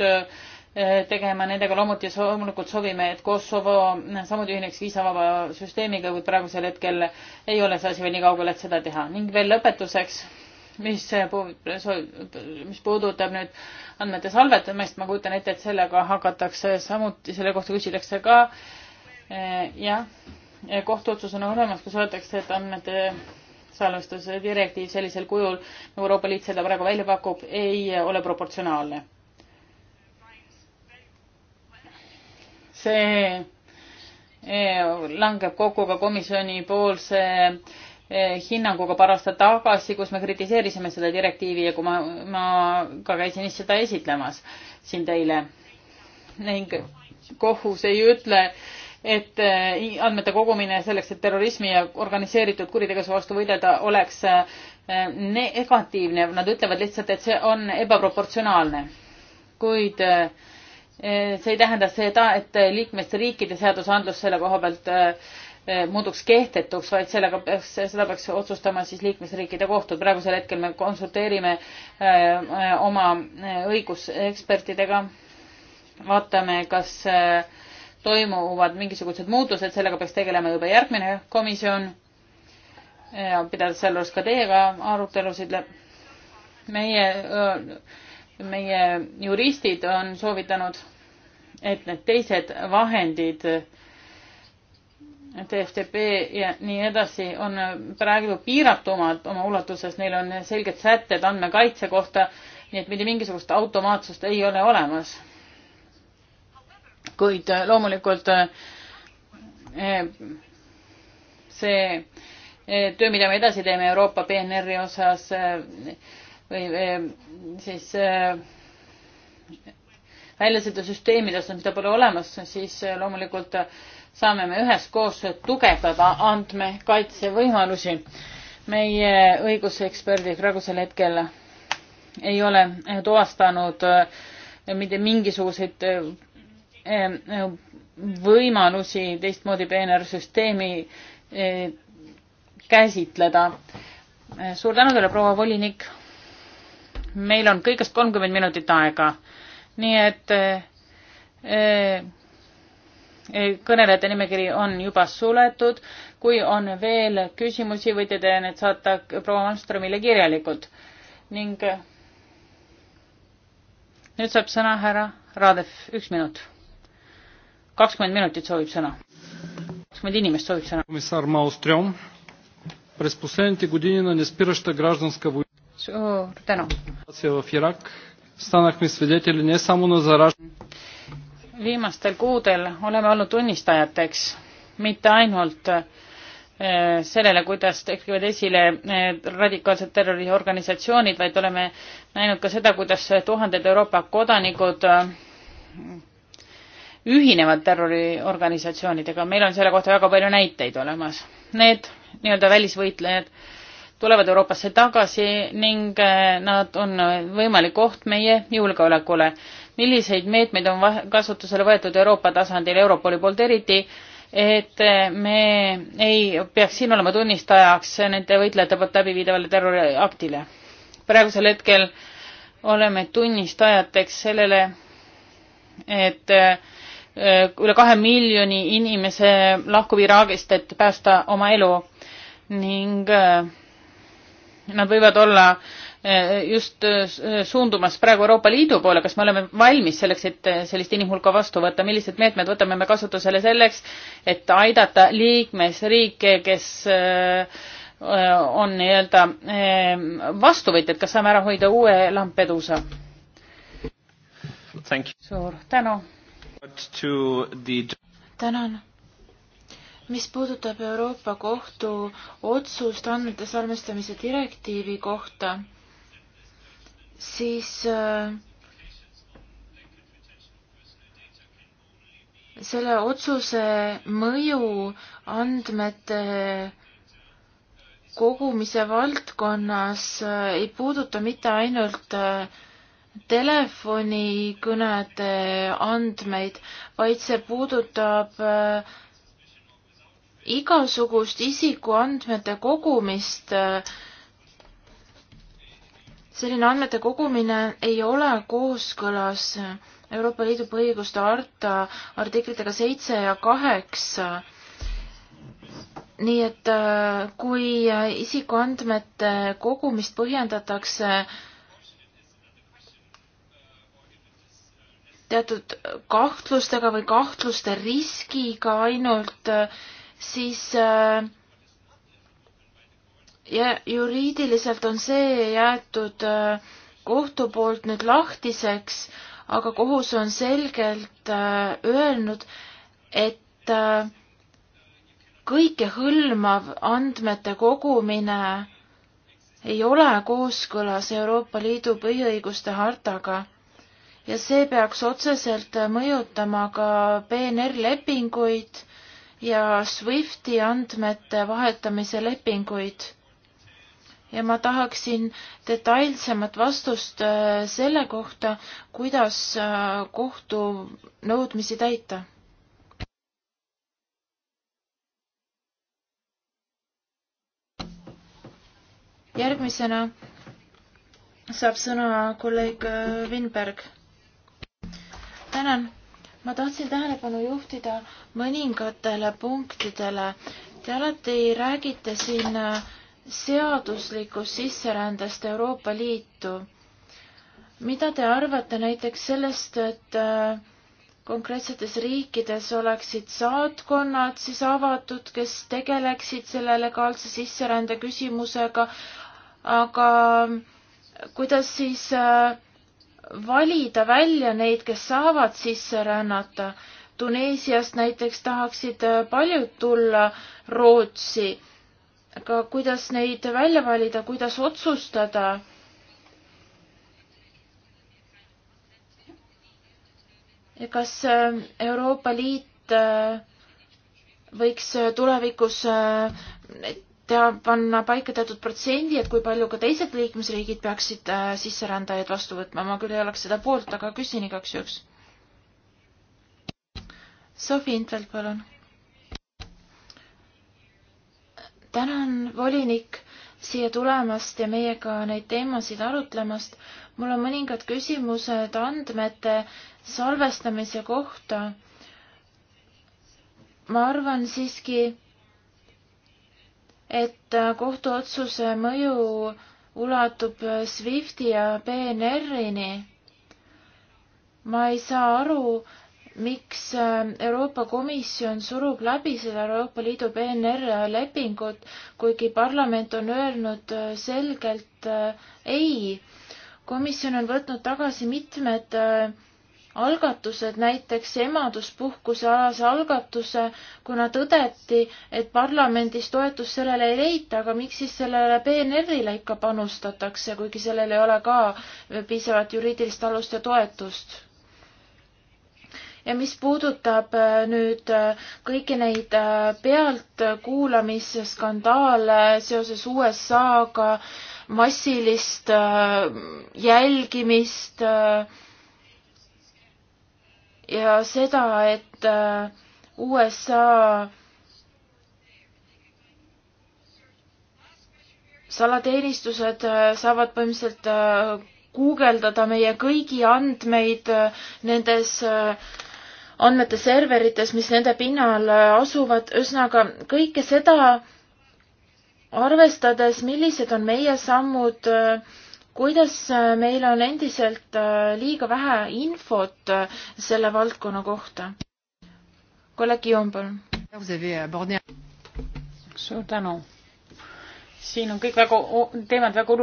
Äh, tegema, nendega loomuti loomulikult soovime, et Kosovo samuti ühineks viisavaba süsteemiga, kuid praegusel hetkel ei ole see asi veel nii kaugel, et seda teha. ning veel lõpetuseks, mis äh, puudutab, mis puudutab nüüd andmete salvetamist, ma kujutan ette, et sellega hakatakse samuti, selle kohta küsitakse ka äh, jah, kohtuotsus on olemas, kus öeldakse, et andmete salvestuse direktiiv sellisel kujul, nagu Euroopa Liit seda praegu välja pakub, ei ole proportsionaalne see e, langeb kokku ka komisjoni poolse e, hinnanguga paar aastat tagasi, kus me kritiseerisime seda direktiivi ja kui ma, ma ka käisin seda esitlemas siin teile ning kohus ei ütle, et e, andmete kogumine selleks, et terrorismi ja organiseeritud kuritegevuse vastu võidelda, oleks negatiivne, nad ütlevad lihtsalt, et see on ebaproportsionaalne. kuid äh, Eh, see ei tähenda seda, et eh, liikmesriikide seadusandlus selle koha pealt eh, muutuks kehtetuks, vaid sellega peaks, seda peaks otsustama siis liikmesriikide kohtud. praegusel hetkel me konsulteerime oma õigusekspertidega, vaatame, kas toimuvad mingisugused muutused, sellega peaks tegelema juba järgmine komisjon, pidades sealjuures ka teiega arutelusid. meie meie juristid on soovitanud, et need teised vahendid, TFTP ja nii edasi, on praegu piiratumad oma ulatuses, neil on selged sätted andmekaitse kohta, nii et mitte mingisugust automaatsust ei ole olemas. kuid loomulikult eh, see eh, töö, mida me edasi teeme Euroopa PNR-i osas, eh, või eh, siis eh, väljasõidusüsteemides, mida pole olemas, siis eh, loomulikult saame me üheskoos tugevdada andmekaitsevõimalusi. meie õiguseksperdid praegusel hetkel ei ole tuvastanud mitte mingisuguseid võimalusi teistmoodi peenersüsteemi käsitleda. suur tänu teile, proua volinik meil on kõigest kolmkümmend minutit aega, nii et eh, eh, kõnelejate nimekiri on juba suletud, kui on veel küsimusi, võite te need saata proua Malmströmile kirjalikult ning eh, nüüd saab sõna härra Raadev, üks minut. kakskümmend minutit soovib sõna. kakskümmend inimest soovib sõna. komissar Malmström, през последните години на неспираща гражданска война suur tänu. viimastel kuudel oleme olnud tunnistajateks mitte ainult äh, sellele, kuidas tekivad esile äh, radikaalsed terroriorganisatsioonid, vaid oleme näinud ka seda, kuidas tuhanded Euroopa kodanikud äh, ühinevad terroriorganisatsioonidega, meil on selle kohta väga palju näiteid olemas. Need nii-öelda välisvõitlejad tulevad Euroopasse tagasi ning äh, nad on võimalik oht meie julgeolekule. milliseid meetmeid on kasutusele võetud Euroopa tasandil, Europoli poolt eriti, et äh, me ei peaks siin olema tunnistajaks nende võitlejate poolt läbiviidavale terroriaktile. praegusel hetkel oleme tunnistajateks sellele, et äh, üle kahe miljoni inimese lahkub Iraagist, et päästa oma elu ning äh, nad võivad olla eh, just eh, eh, suundumas praegu Euroopa Liidu poole, kas me oleme valmis selleks, et sellist inimhulka vastu võtta, millised meetmed võtame me kasutusele selleks, et aidata liikmesriike, kes on nii-öelda vastuvõtjad, kas saame ära hoida uue Lampedusa? suur tänu. The... tänan mis puudutab Euroopa Kohtu otsust andmete salmestamise direktiivi kohta, siis äh, selle otsuse mõju andmete kogumise valdkonnas äh, ei puuduta mitte ainult äh, telefonikõnede andmeid, vaid see puudutab äh, igasugust isikuandmete kogumist. selline andmete kogumine ei ole kooskõlas Euroopa Liidu põhiõiguste harta artiklitega seitse ja kaheksa. nii et äh, kui äh, isikuandmete kogumist põhjendatakse teatud kahtlustega või kahtluste riskiga ainult äh, siis äh, ja juriidiliselt on see jäetud äh, kohtu poolt nüüd lahtiseks, aga kohus on selgelt äh, öelnud, et kõikehõlmav andmete kogumine ei ole kooskõlas Euroopa Liidu põhiõiguste hartaga ja see peaks otseselt mõjutama ka PNR lepinguid ja SWIFTi andmete vahetamise lepinguid. ja ma tahaksin detailsemat vastust äh, selle kohta, kuidas äh, kohtu nõudmisi täita. järgmisena saab sõna kolleeg Vinberg. Äh, tänan, ma tahtsin tähelepanu juhtida mõningatele punktidele. Te alati räägite siin äh, seaduslikust sisserändest Euroopa Liitu. mida te arvate näiteks sellest, et äh, konkreetsetes riikides oleksid saatkonnad siis avatud, kes tegeleksid selle legaalse sisserände küsimusega, aga äh, kuidas siis valida välja neid, kes saavad sisse rännata, Tuneesiast näiteks tahaksid äh, paljud tulla Rootsi, aga kuidas neid välja valida, kuidas otsustada? ja kas äh, Euroopa Liit äh, võiks tulevikus teha, panna paika teatud protsendi, et kui palju ka teised liikmesriigid peaksid sisserändajaid vastu võtma, ma küll ei oleks seda poolt, aga küsin igaks juhuks Sofi Intvelt, palun. tänan, volinik, siia tulemast ja meiega neid teemasid arutlemast. mul on mõningad küsimused andmete salvestamise kohta. ma arvan siiski, et kohtuotsuse mõju ulatub SWIFTi ja PNR-ini. ma ei saa aru, miks äh, Euroopa Komisjon surub läbi seda Euroopa Liidu PNR lepingut, kuigi parlament on öelnud äh, selgelt äh, ei. komisjon on võtnud tagasi mitmed algatused, näiteks emaduspuhkuse alase algatuse, kuna tõdeti, et parlamendis toetust sellele ei leita, aga miks siis sellele PNR-ile ikka panustatakse, kuigi sellel ei ole ka piisavat juriidilist alust ja toetust? ja mis puudutab äh, nüüd äh, kõiki neid äh, pealtkuulamisskandaale seoses USA-ga, massilist jälgimist ja seda, et USA salateenistused saavad põhimõtteliselt guugeldada meie kõigi andmeid nendes andmete serverites, mis nende pinnal äh, asuvad, ühesõnaga kõike seda arvestades, millised on meie sammud, äh, kuidas äh, meil on endiselt liiga vähe infot selle valdkonna kohta? kolleeg Joon, palun. suur tänu. siin on kõik väga, teemad väga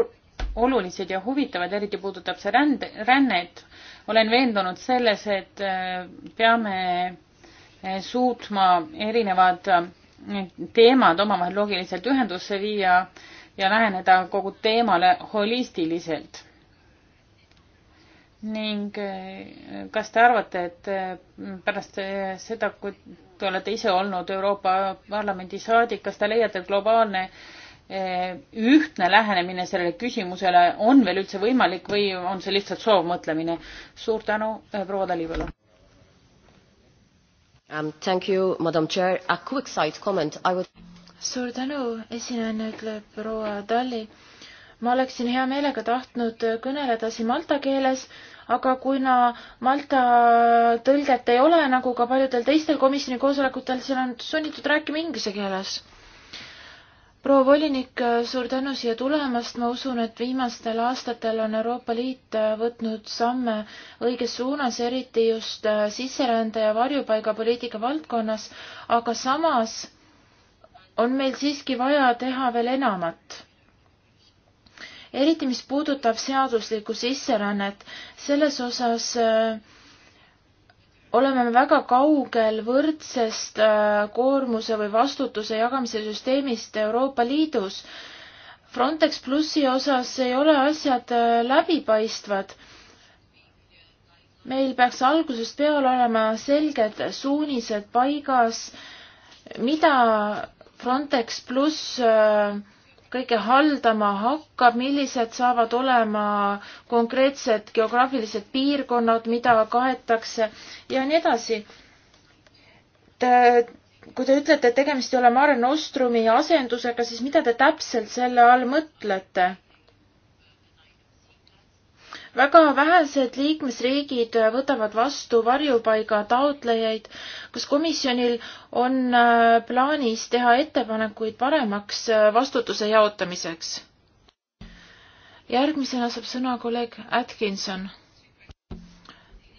olulised ja huvitavad, eriti puudutab see rände, rännet olen veendunud selles, et äh, peame äh, suutma erinevad äh, teemad omavahel loogiliselt ühendusse viia ja läheneda kogu teemale holistiliselt. ning kas te arvate, et pärast seda, kui te olete ise olnud Euroopa Parlamendi saadik, kas te leiate, et globaalne äh, Eh, ühtne lähenemine sellele küsimusele on veel üldse võimalik või on see lihtsalt soovmõtlemine? suur tänu, eh, proua Talivõlu um,. Thank you, madam chair, a quick side comment, I would. suur tänu, esinejana ütleb proua Talli. ma oleksin hea meelega tahtnud kõneleda siin malta keeles, aga kuna Malta tõlget ei ole, nagu ka paljudel teistel komisjoni koosolekutel, siis olen sunnitud rääkima inglise keeles proua volinik, suur tänu siia tulemast, ma usun, et viimastel aastatel on Euroopa Liit võtnud samme õiges suunas, eriti just sisserände ja varjupaigapoliitika valdkonnas, aga samas on meil siiski vaja teha veel enamat. eriti, mis puudutab seaduslikku sisserännet, selles osas äh, oleme me väga kaugel võrdsest äh, koormuse või vastutuse jagamise süsteemist Euroopa Liidus. Frontex plussi osas ei ole asjad äh, läbipaistvad. meil peaks algusest peale olema selged suunised paigas, mida Frontex pluss äh, kõige haldama hakkab, millised saavad olema konkreetsed geograafilised piirkonnad, mida kaetakse ja nii edasi. et kui te ütlete, et tegemist ei ole Mare Nostrumi asendusega, siis mida te täpselt selle all mõtlete? väga vähesed liikmesriigid võtavad vastu varjupaiga taotlejaid. kas komisjonil on äh, plaanis teha ettepanekuid paremaks äh, vastutuse jaotamiseks? järgmisena saab sõna kolleeg Atkinson.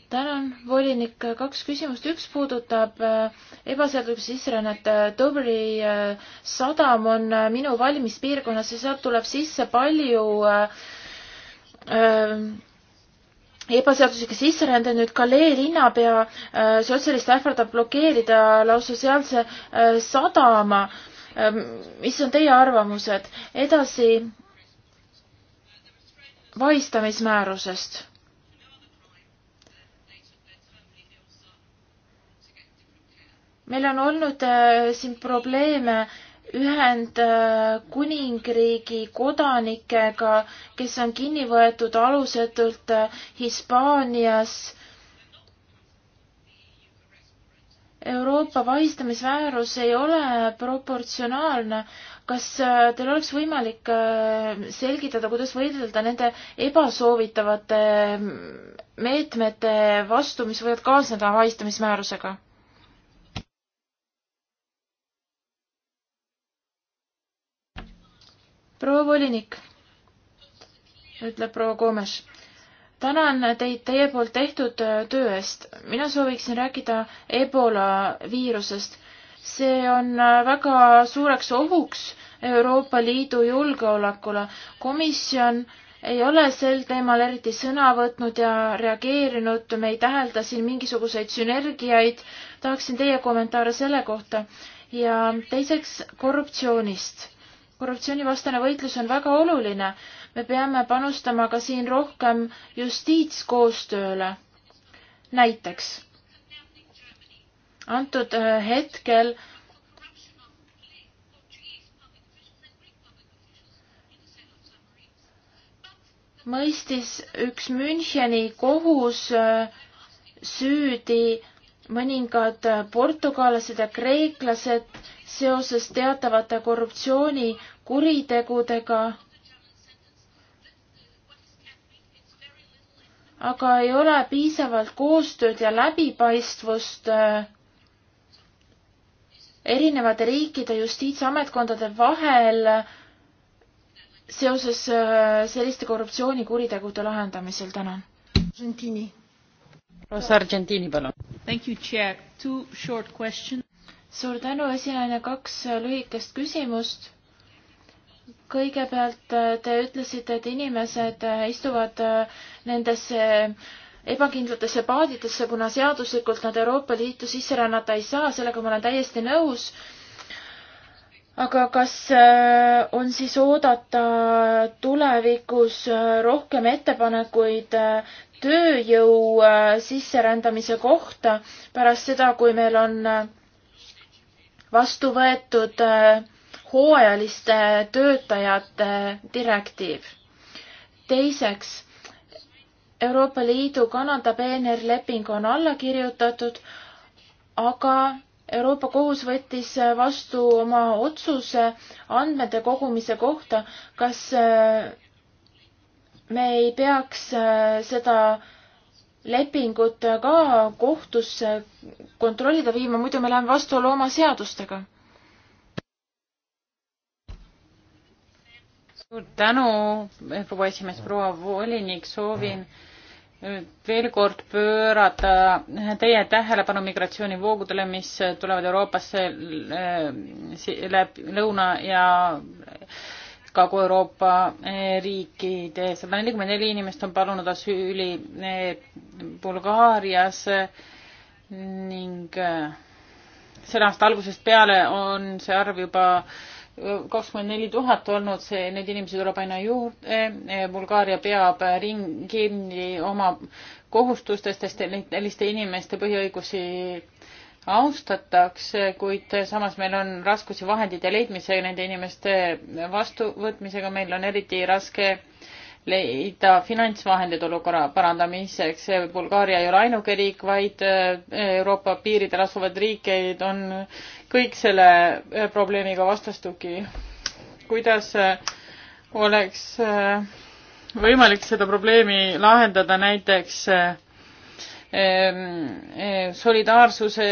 tänan, volinik, kaks küsimust, üks puudutab äh, ebaseaduslikku sisserännet. Dobri sadam on minu valimispiirkonnas ja sealt tuleb sisse palju äh, ebaseaduslik sisserände nüüd Kalee linnapea sotsialist ähvardab blokeerida lausa sealse sadama. mis on teie arvamused? edasi vahistamismäärusest. meil on olnud siin probleeme äh, Ühendkuningriigi kodanikega, kes on kinni võetud alusetult Hispaanias. Euroopa vahistamisväärus ei ole proportsionaalne. kas äh, teil oleks võimalik äh, selgitada, kuidas võidelda nende ebasoovitavate mm, meetmete vastu, mis võivad kaasneda vahistamismäärusega? proua volinik, ütleb proua Koomes, tänan teid teie poolt tehtud töö eest. mina sooviksin rääkida Ebola viirusest. see on väga suureks ohuks Euroopa Liidu julgeolekule. komisjon ei ole sel teemal eriti sõna võtnud ja reageerinud, me ei tähelda siin mingisuguseid sünergiaid. tahaksin teie kommentaare selle kohta ja teiseks korruptsioonist korruptsioonivastane võitlus on väga oluline. me peame panustama ka siin rohkem justiitskoostööle. näiteks antud äh, hetkel mõistis üks Müncheni kohus äh, süüdi mõningad portugallased ja kreeklased seoses teatavate korruptsioonikuritegudega aga ei ole piisavalt koostööd ja läbipaistvust äh, erinevate riikide justiitsametkondade vahel seoses äh, selliste korruptsioonikuritegude lahendamisel, tänan. Rosa Argentiini, palun. Thank you, Chair. Two short questions. suur tänu, esinejana kaks lühikest küsimust. kõigepealt äh, te ütlesite, et inimesed äh, istuvad äh, nendesse ebakindlatesse paadidesse, kuna seaduslikult nad Euroopa Liitu sisse rännata ei saa, sellega ma olen täiesti nõus. aga kas on siis oodata tulevikus rohkem ettepanekuid tööjõu äh, sisserändamise kohta pärast seda, kui meil on äh, vastu võetud äh, hooajaliste töötajate direktiiv. teiseks, Euroopa Liidu Kanada PNR leping on alla kirjutatud, aga Euroopa Kohus võttis vastu oma otsuse andmete kogumise kohta, kas me ei peaks äh, seda lepingut äh, ka kohtusse kontrollida viima, muidu me läheme vastuollu oma seadustega. suur tänu, eh, proua esimees, proua volinik, soovin eh, veel kord pöörata eh, teie tähelepanu migratsioonivoogudele, mis tulevad Euroopasse läbi lõuna ja Kagu-Euroopa eh, riikide sada nelikümmend neli inimest on palunud asüüli eh, Bulgaarias ning eh, selle aasta algusest peale on see arv juba kakskümmend neli tuhat olnud, see, neid inimesi tuleb aina juurde. Bulgaaria peab ring kinni oma kohustustest, sest selliste inimeste põhiõigusi austatakse, kuid samas meil on raskusi vahendite leidmisega, nende inimeste vastuvõtmisega, meil on eriti raske leida finantsvahendeid olukorra parandamiseks. Bulgaaria ei ole ainuke riik, vaid eh, Euroopa piiridel asuvad riikeid on kõik selle eh, probleemiga vastastuki. kuidas eh, oleks võimalik seda probleemi lahendada näiteks Ehm, eh, solidaarsuse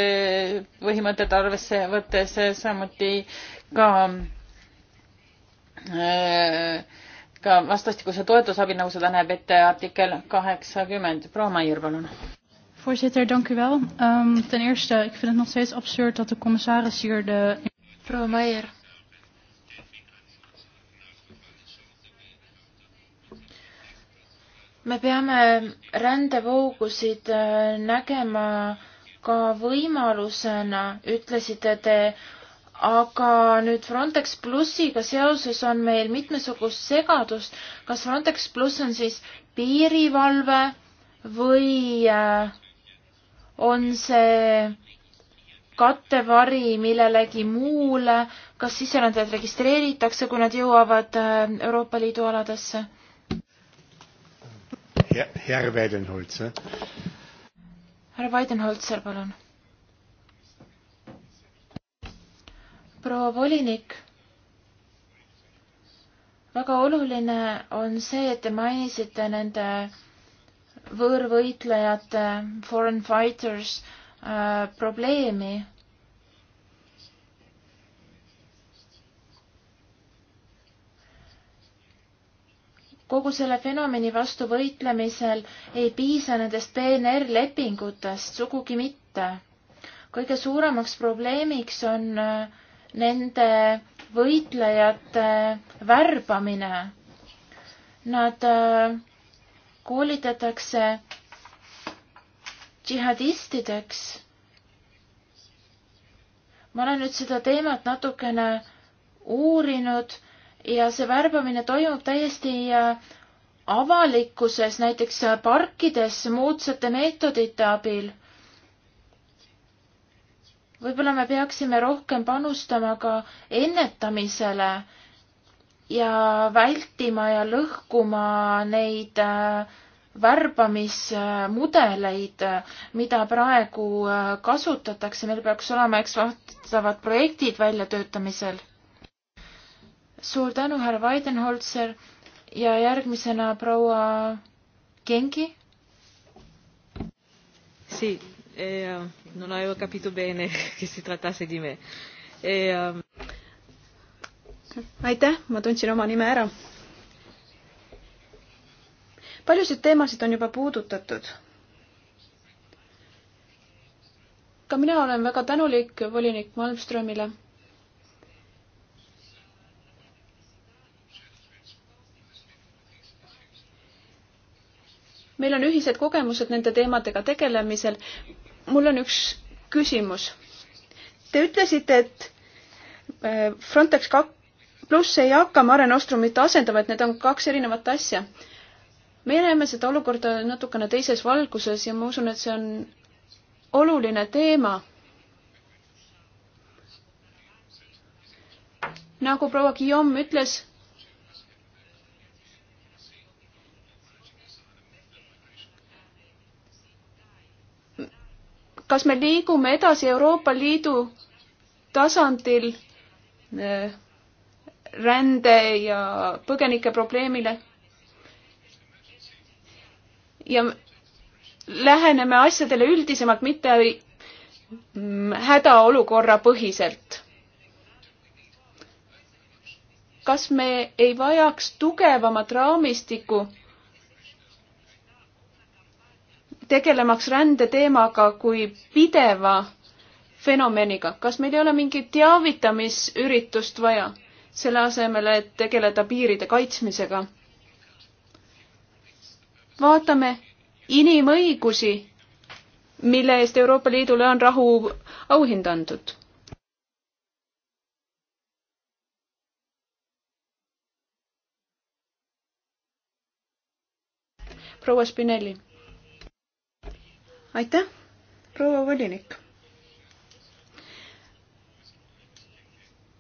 põhimõtet arvesse võttes, eh, samuti ka eh, ka vastastikuse toetusabi, nagu seda näeb ette artikkel kaheksakümmend. proua Maier, palun. Voorzitter, dank u wel. Um, ten eerste, ik vind het nog steeds absurd dat de commissaris hier de... Proua Maier me peame rändevoogusid äh, nägema ka võimalusena, ütlesite te, aga nüüd Frontex plussiga seoses on meil mitmesugust segadust, kas Frontex pluss on siis piirivalve või äh, on see kattevari millelegi muule, kas sisserändajad registreeritakse, kui nad jõuavad äh, Euroopa Liidu aladesse? härra Weidenholzer. härra Weidenholzer, palun. proua volinik, väga oluline on see, et te mainisite nende võõrvõitlejate, foreign fighters äh, probleemi kogu selle fenomeni vastu võitlemisel ei piisa nendest PNR-lepingutest, sugugi mitte. kõige suuremaks probleemiks on äh, nende võitlejate värbamine. Nad äh, koolitatakse džihadistideks. ma olen nüüd seda teemat natukene uurinud ja see värbamine toimub täiesti äh, avalikkuses, näiteks äh, parkides moodsate meetodite abil. võib-olla me peaksime rohkem panustama ka ennetamisele ja vältima ja lõhkuma neid äh, värbamismudeleid, mida praegu kasutatakse, meil peaks olema, eks, vastavad projektid väljatöötamisel suur tänu, härra Weidenholzer ja järgmisena proua Gengi. Sì, eh, non avevo capito bene che si trattasse di me. Eh, um... aitäh, ma tundsin oma nime ära. paljusid teemasid on juba puudutatud. ka mina olen väga tänulik volinik Malmströmile meil on ühised kogemused nende teemadega tegelemisel. mul on üks küsimus. Te ütlesite, et äh, Frontex kak-, pluss ei hakka Mare Nostrumit asendama, et need on kaks erinevat asja. me näeme seda olukorda natukene teises valguses ja ma usun, et see on oluline teema. nagu proua Guillaume ütles, kas me liigume edasi Euroopa Liidu tasandil äh, rände ja põgenike probleemile ja läheneme asjadele üldisemalt, mitte mm, hädaolukorra põhiselt. kas me ei vajaks tugevamat raamistikku tegelemaks rändeteemaga kui pideva fenomeniga. kas meil ei ole mingit teavitamisüritust vaja, selle asemel, et tegeleda piiride kaitsmisega? vaatame inimõigusi, mille eest Euroopa Liidule on rahu auhind antud. proua Spinelli aitäh, proua volinik.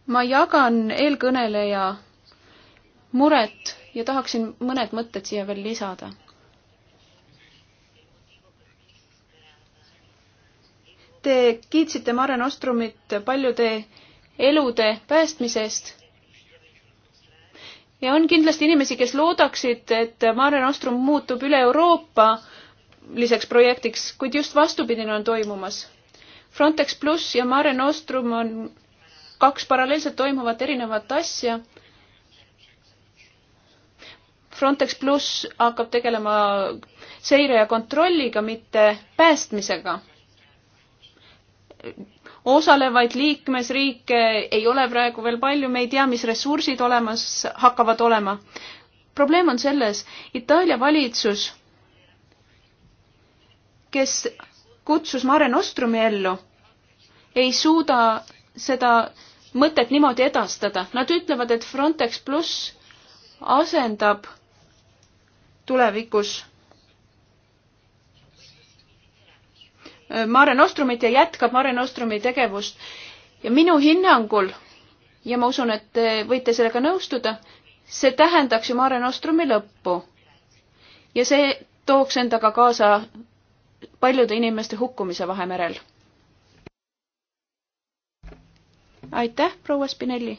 ma jagan eelkõneleja muret ja tahaksin mõned mõtted siia veel lisada. Te kiitsite Mare Nostrumit paljude elude päästmise eest. ja on kindlasti inimesi, kes loodaksid, et Mare Nostrum muutub üle Euroopa lisaks projektiks, kuid just vastupidine on toimumas. Frontex pluss ja Mare Nostrum on kaks paralleelselt toimuvat erinevat asja. Frontex pluss hakkab tegelema seire ja kontrolliga, mitte päästmisega. osalevaid liikmesriike ei ole praegu veel palju, me ei tea, mis ressursid olemas hakkavad olema. probleem on selles, Itaalia valitsus kes kutsus Mare Nostrumi ellu, ei suuda seda mõtet niimoodi edastada. Nad ütlevad, et Frontex pluss asendab tulevikus Mare Nostrumit ja jätkab Mare Nostrumi tegevust. ja minu hinnangul, ja ma usun, et te võite sellega nõustuda, see tähendaks ju Mare Nostrumi lõppu. ja see tooks endaga kaasa paljude inimeste hukkumise Vahemerel. aitäh, proua Spinelli.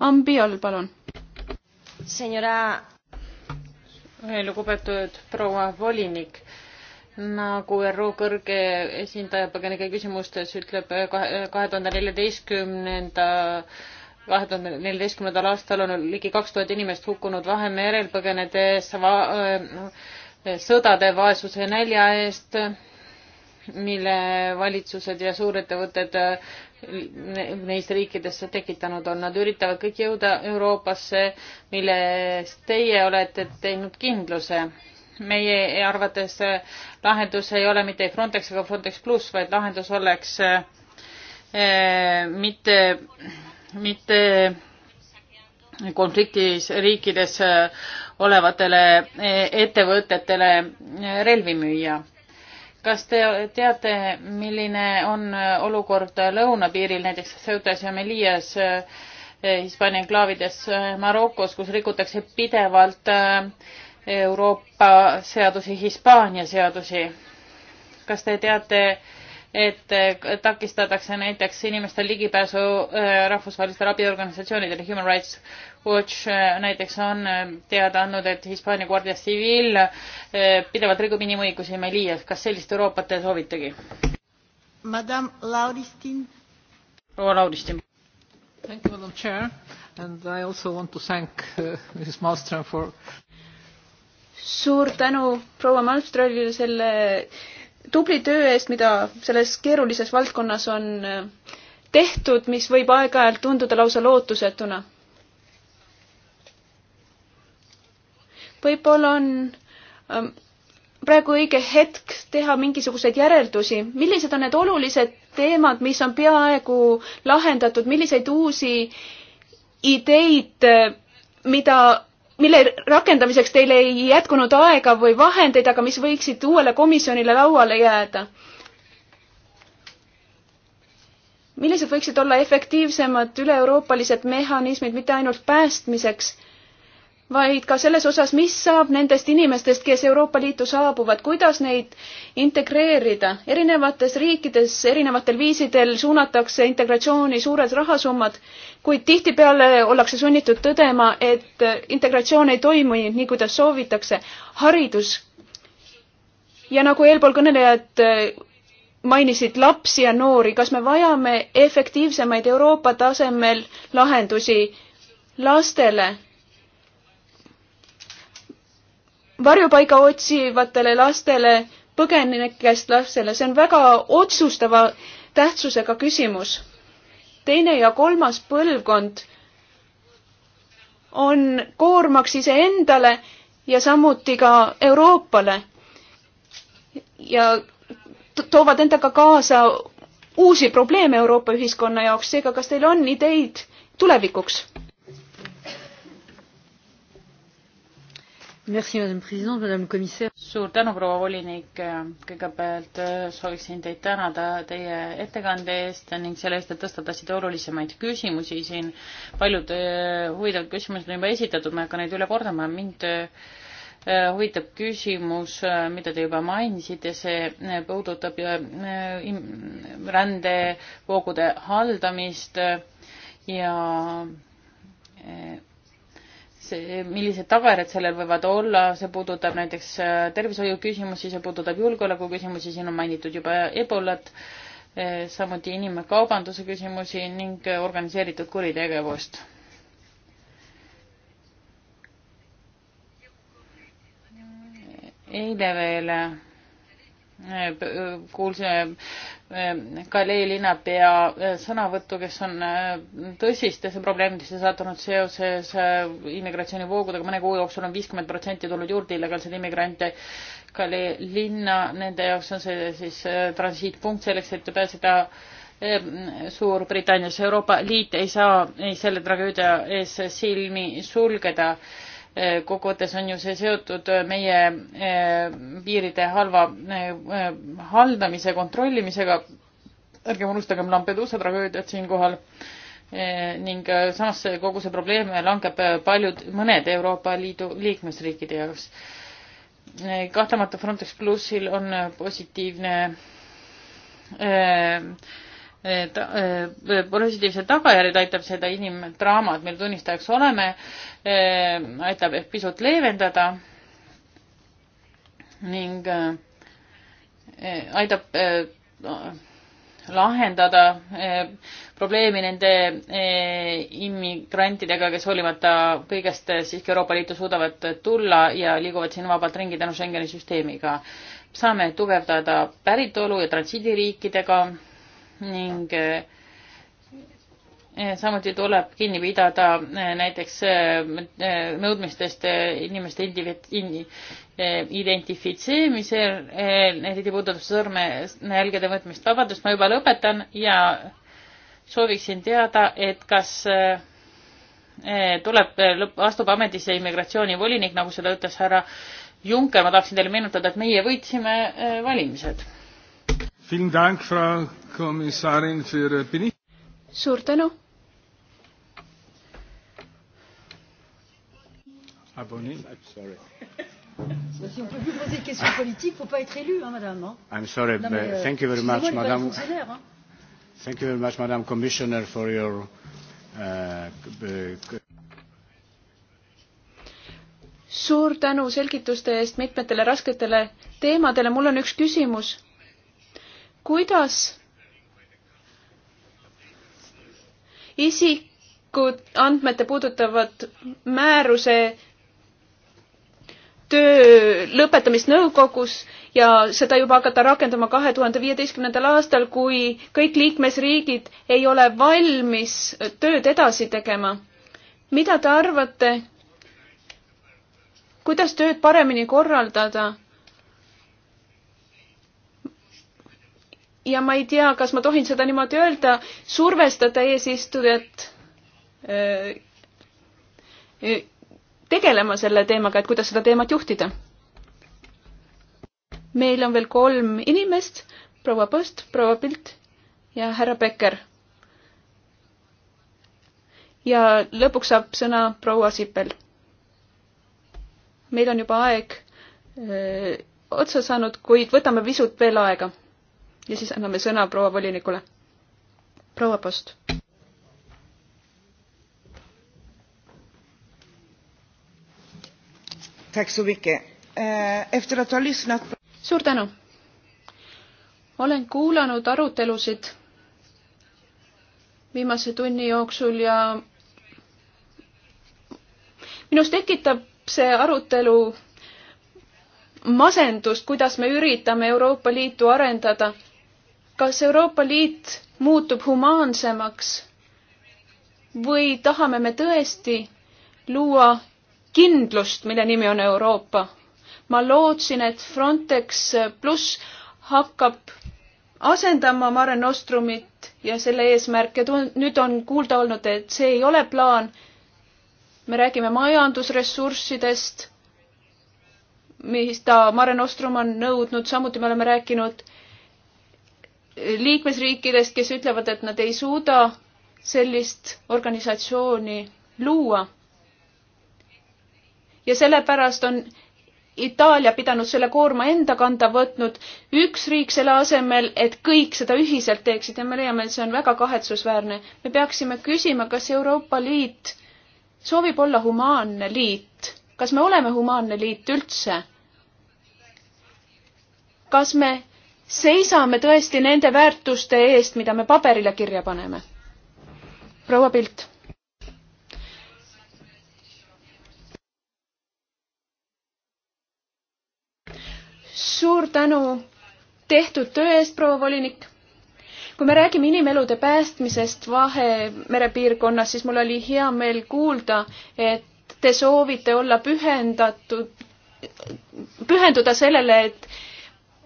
Ambiol, palun. Senora. lugupeetud proua volinik nagu ÜRO kõrge esindaja põgenike küsimustes ütleb, eh, kahe eh, tuhande neljateistkümnenda kahe tuhande neljateistkümnendal aastal on ligi kaks tuhat inimest hukkunud Vahemerel põgenedes va, eh, sõdade vaesuse nälja eest, mille valitsused ja suurettevõtted neis riikides tekitanud on. Nad üritavad kõik jõuda Euroopasse, millest teie olete teinud kindluse. meie arvates lahendus ei ole mitte Frontex ega Frontex pluss, vaid lahendus oleks äh, mitte, mitte konfliktis riikides äh, olevatele e, ettevõtetele e, relvi müüa. kas te teate, milline on e, olukord lõunapiiril, näiteks Ceutas ja Melias, Hispaania enklaavides Marokos, kus rikutakse pidevalt Euroopa seadusi, Hispaania seadusi? kas te teate, et takistatakse näiteks inimestel ligipääsu rahvusvahelistele abiorganisatsioonidele, Human Rights Watch äh, näiteks on äh, teada andnud, et Hispaania Guardia Civil äh, pidevalt rikub inimõigusi Meliias. kas sellist Euroopat te soovitegi? Madame Lauristin. proua Lauristin. Thank you, madam chair and I also want to thank uh, Mrs Malmström for suur tänu proua Malmströmile selle tubli töö eest, mida selles keerulises valdkonnas on tehtud, mis võib aeg-ajalt tunduda lausa lootusetuna võib-olla on ähm, praegu õige hetk teha mingisuguseid järeldusi, millised on need olulised teemad, mis on peaaegu lahendatud, milliseid uusi ideid, äh, mida, mille rakendamiseks teil ei jätkunud aega või vahendeid, aga mis võiksid uuele komisjonile lauale jääda? millised võiksid olla efektiivsemad üle-euroopalised mehhanismid mitte ainult päästmiseks vaid ka selles osas, mis saab nendest inimestest, kes Euroopa Liitu saabuvad, kuidas neid integreerida. erinevates riikides erinevatel viisidel suunatakse integratsiooni suured rahasummad, kuid tihtipeale ollakse sunnitud tõdema, et integratsioon ei toimu nii, kuidas soovitakse. haridus ja nagu eelpool kõnelejad eh, mainisid lapsi ja noori, kas me vajame efektiivsemaid Euroopa tasemel lahendusi lastele varjupaiga otsivatele lastele, põgenikest lastele, see on väga otsustava tähtsusega küsimus. teine ja kolmas põlvkond on koormaks iseendale ja samuti ka Euroopale ja toovad endaga kaasa uusi probleeme Euroopa ühiskonna jaoks, seega kas teil on ideid tulevikuks? suur tänu, proua volinik, kõigepealt äh, sooviksin teid tänada teie ettekande eest ning selle eest, et tõstatasite olulisemaid küsimusi siin. paljud äh, huvitavad küsimused on juba esitatud, ma ei hakka neid üle kordama, mind äh, huvitab küsimus, mida te juba mainisite, see puudutab rändevoogude haldamist ja see, millised tagajärjed sellel võivad olla, see puudutab näiteks äh, tervishoiuküsimusi, see puudutab julgeolekuküsimusi, siin on mainitud juba ebolat, äh, samuti inimkaubanduse küsimusi ning äh, organiseeritud kuritegevust. eile veel kuulsime Galee ehm, linnapea eh, sõnavõttu, kes on eh, tõsistesse probleemidesse sattunud seoses eh, immigratsioonivoogudega. mõne kuu jooksul on viiskümmend protsenti tulnud juurde illegaalseid immigrante Galee linna. Nende jaoks on see siis transiitpunkt selleks, et pääseda Suurbritanniasse. Euroopa Liit ei saa ei selle tragöödia ees silmi sulgeda kokkuvõttes on ju see seotud äh, meie äh, piiride halva äh, haldamise, kontrollimisega. ärgem unustagem Lampedusa tragöödiat siinkohal ning samas kogu see probleem langeb paljud, mõned Euroopa Liidu liikmesriikide jaoks. kahtlemata Frontex plussil on positiivne Eh, positiivsed tagajärjed, aitab seda inimdraamat, mille tunnistajaks oleme, eh, aitab ehk pisut leevendada ning eh, aitab lahendada probleemi nende immigrantidega, kes hoolimata kõigest siiski Euroopa Liitu suudavad tulla ja liiguvad siin vabalt ringi tänu Schengeni süsteemiga. saame tugevdada päritolu ja transiidiriikidega ning eh, samuti tuleb kinni pidada eh, näiteks eh, nõudmistest inimeste identifitseemisel, eriti puudutab sõrmejälgede võtmist. vabandust, ma juba lõpetan ja sooviksin teada, et kas tuleb, astub ametisse immigratsioonivolinik, nagu seda ütles härra Juncker, ma tahaksin teile meenutada, et meie võitsime valimised suur tänu. Abonné. Sorry. Si on peut plus poser de questions politiques, faut pas être élu, hein, madame. Hein. I'm sorry, non, mais, but euh, thank you very much, madame. Hein. Thank you very much, madame commissioner, for your uh, uh, suur tänu selgituste eest mitmetele rasketele teemadele. mul on üks küsimus kuidas isikud andmete puudutavat määruse töö lõpetamist nõukogus ja seda juba hakata rakendama kahe tuhande viieteistkümnendal aastal, kui kõik liikmesriigid ei ole valmis tööd edasi tegema. mida te arvate, kuidas tööd paremini korraldada? ja ma ei tea, kas ma tohin seda niimoodi öelda, survestada eesistujat äh, äh, tegelema selle teemaga, et kuidas seda teemat juhtida. meil on veel kolm inimest, proua Post, proua Pilt ja härra Becker. ja lõpuks saab sõna proua Sipel. meil on juba aeg öö, äh, otsa saanud, kuid võtame pisut veel aega ja siis anname sõna proua volinikule. proua Post. Eh, suur tänu. olen kuulanud arutelusid viimase tunni jooksul ja minus tekitab see arutelu masendust, kuidas me üritame Euroopa Liitu arendada kas Euroopa Liit muutub humaansemaks või tahame me tõesti luua kindlust, mille nimi on Euroopa? ma lootsin, et Frontex pluss hakkab asendama Mare Nostrumit ja selle eesmärke, nüüd on kuulda olnud, et see ei ole plaan. me räägime majandusressurssidest, mis ta, Mare Nostrum on nõudnud, samuti me oleme rääkinud äh, liikmesriikidest, kes ütlevad, et nad ei suuda sellist organisatsiooni luua. ja sellepärast on Itaalia pidanud selle koorma enda kanda võtnud, üks riik selle asemel, et kõik seda ühiselt teeksid ja me leiame, et see on väga kahetsusväärne. me peaksime küsima, kas Euroopa Liit soovib olla humaanne liit, kas me oleme humaanne liit üldse? kas me seisame tõesti nende väärtuste eest, mida me paberile kirja paneme. proua Pilt. suur tänu tehtud töö eest, proua volinik. kui me räägime inimelude päästmisest Vahemere piirkonnas, siis mul oli hea meel kuulda, et te soovite olla pühendatud, pühenduda sellele, et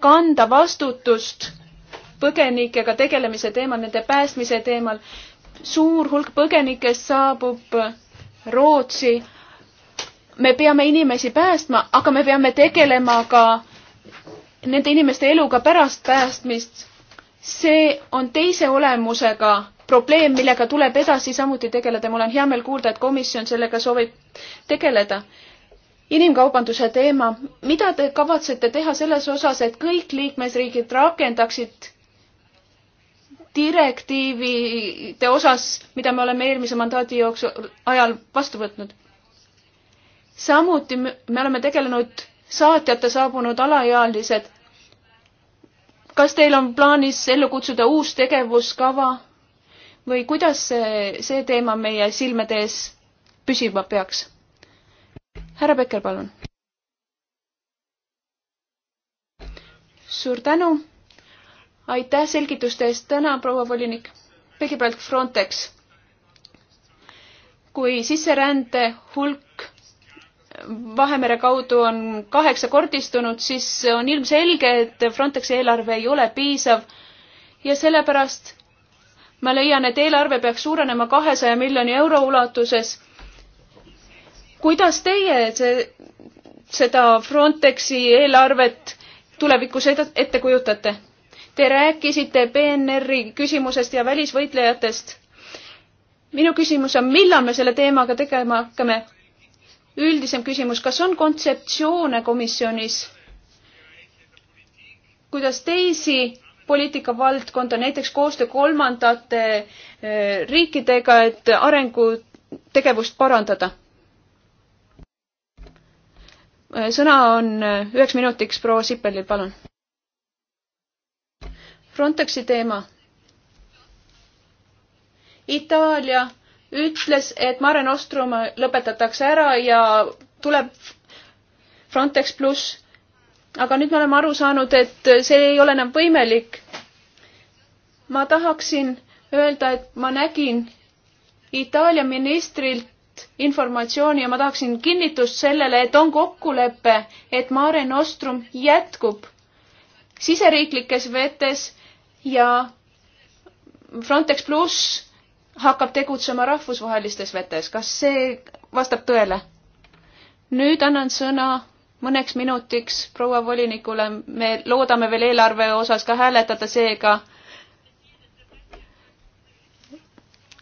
kanda vastutust põgenikega tegelemise teemal, nende päästmise teemal. suur hulk põgenikest saabub Rootsi. me peame inimesi päästma, aga me peame tegelema ka nende inimeste eluga pärast päästmist. see on teise olemusega probleem, millega tuleb edasi samuti tegeleda. mul on hea meel kuulda, et komisjon sellega soovib tegeleda inimkaubanduse teema, mida te kavatsete teha selles osas, et kõik liikmesriigid rakendaksid direktiivide osas, mida me oleme eelmise mandaadi jooksul, ajal vastu võtnud? samuti me oleme tegelenud saatjate saabunud alaealised. kas teil on plaanis ellu kutsuda uus tegevuskava või kuidas see, see teema meie silmade ees püsima peaks? härra Becker, palun. suur tänu. aitäh selgituste eest täna, proua volinik. kõigepealt Frontex. kui sisserände hulk Vahemere kaudu on kaheksakordistunud, siis on ilmselge, et Frontexi eelarve ei ole piisav ja sellepärast ma leian, et eelarve peaks suurenema kahesaja miljoni euro ulatuses kuidas teie see, seda Frontexi eelarvet tulevikus ette kujutate? Te rääkisite PNR-i küsimusest ja välisvõitlejatest. minu küsimus on, millal me selle teemaga tegema hakkame? üldisem küsimus, kas on kontseptsioone komisjonis, kuidas teisi poliitikavaldkonda, näiteks koostöö kolmandate eh, riikidega, et arengutegevust parandada? Äh, sõna on äh, üheks minutiks proua Sippelil, palun. Frontexi teema. Itaalia ütles, et Mare Nostrum lõpetatakse ära ja tuleb Frontex pluss. aga nüüd me oleme aru saanud, et see ei ole enam võimelik. ma tahaksin öelda, et ma nägin Itaalia ministrilt informatsiooni ja ma tahaksin kinnitust sellele, et on kokkulepe, et Mare Nostrum jätkub siseriiklikes vetes ja Frontex pluss hakkab tegutsema rahvusvahelistes vetes. kas see vastab tõele? nüüd annan sõna mõneks minutiks proua volinikule. me loodame veel eelarve osas ka hääletada, seega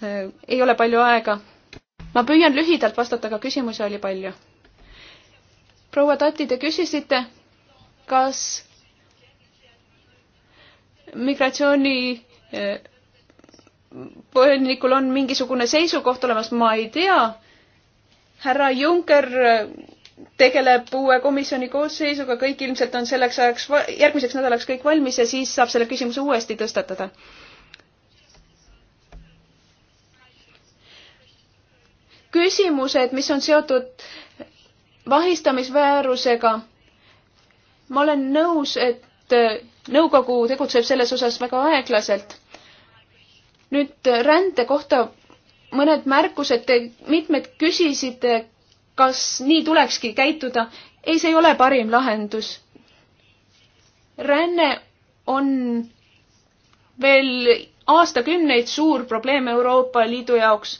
äh, ei ole palju aega ma püüan lühidalt vastata, aga küsimusi oli palju. proua Tati, te küsisite, kas migratsiooni eh, põgenikul on mingisugune seisukoht olemas, ma ei tea. härra Juncker eh, tegeleb uue komisjoni koosseisuga, kõik ilmselt on selleks ajaks, järgmiseks nädalaks kõik valmis ja siis saab selle küsimuse uuesti tõstatada. küsimused, mis on seotud vahistamisväärusega. ma olen nõus, et äh, nõukogu tegutseb selles osas väga aeglaselt. nüüd rände kohta mõned märkused, te mitmed küsisite, kas nii tulekski käituda. ei, see ei ole parim lahendus. ränne on veel aastakümneid suur probleem Euroopa Liidu jaoks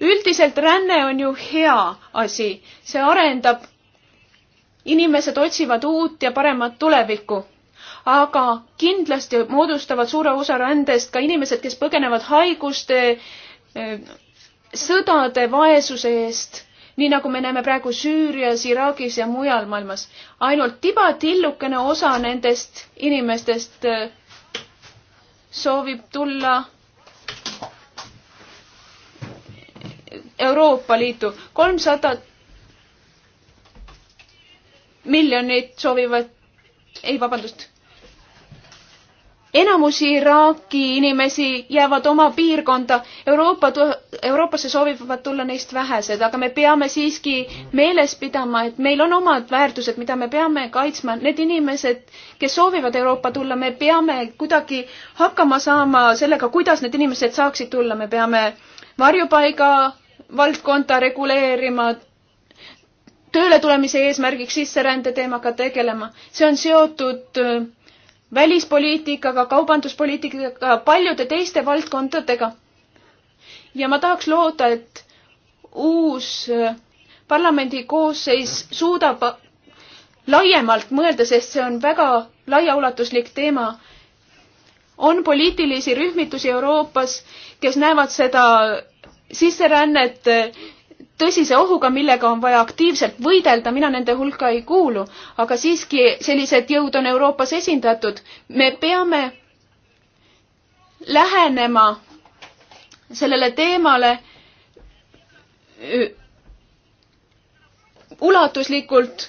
üldiselt ränne on ju hea asi, see arendab, inimesed otsivad uut ja paremat tulevikku. aga kindlasti moodustavad suure osa rändest ka inimesed, kes põgenevad haiguste, eh, sõdade, vaesuse eest, nii nagu me näeme praegu Süürias, Iraagis ja mujal maailmas. ainult tibatillukene osa nendest inimestest eh, soovib tulla Euroopa Liitu. kolmsada miljonit soovivad, ei, vabandust. enamus Iraagi inimesi jäävad oma piirkonda, Euroopa, Euroopasse soovivad tulla neist vähesed, aga me peame siiski meeles pidama, et meil on omad väärtused, mida me peame kaitsma. Need inimesed, kes soovivad Euroopa tulla, me peame kuidagi hakkama saama sellega, kuidas need inimesed saaksid tulla, me peame varjupaiga valdkonda reguleerima, tööletulemise eesmärgiks sisserände teemaga tegelema. see on seotud äh, välispoliitikaga, kaubanduspoliitikaga, paljude teiste valdkondadega. ja ma tahaks loota, et uus äh, parlamendi koosseis suudab laiemalt mõelda, sest see on väga laiaulatuslik teema. on poliitilisi rühmitusi Euroopas, kes näevad seda sisserännet eh, tõsise ohuga, millega on vaja aktiivselt võidelda, mina nende hulka ei kuulu, aga siiski sellised jõud on Euroopas esindatud. me peame lähenema sellele teemale eh, ulatuslikult.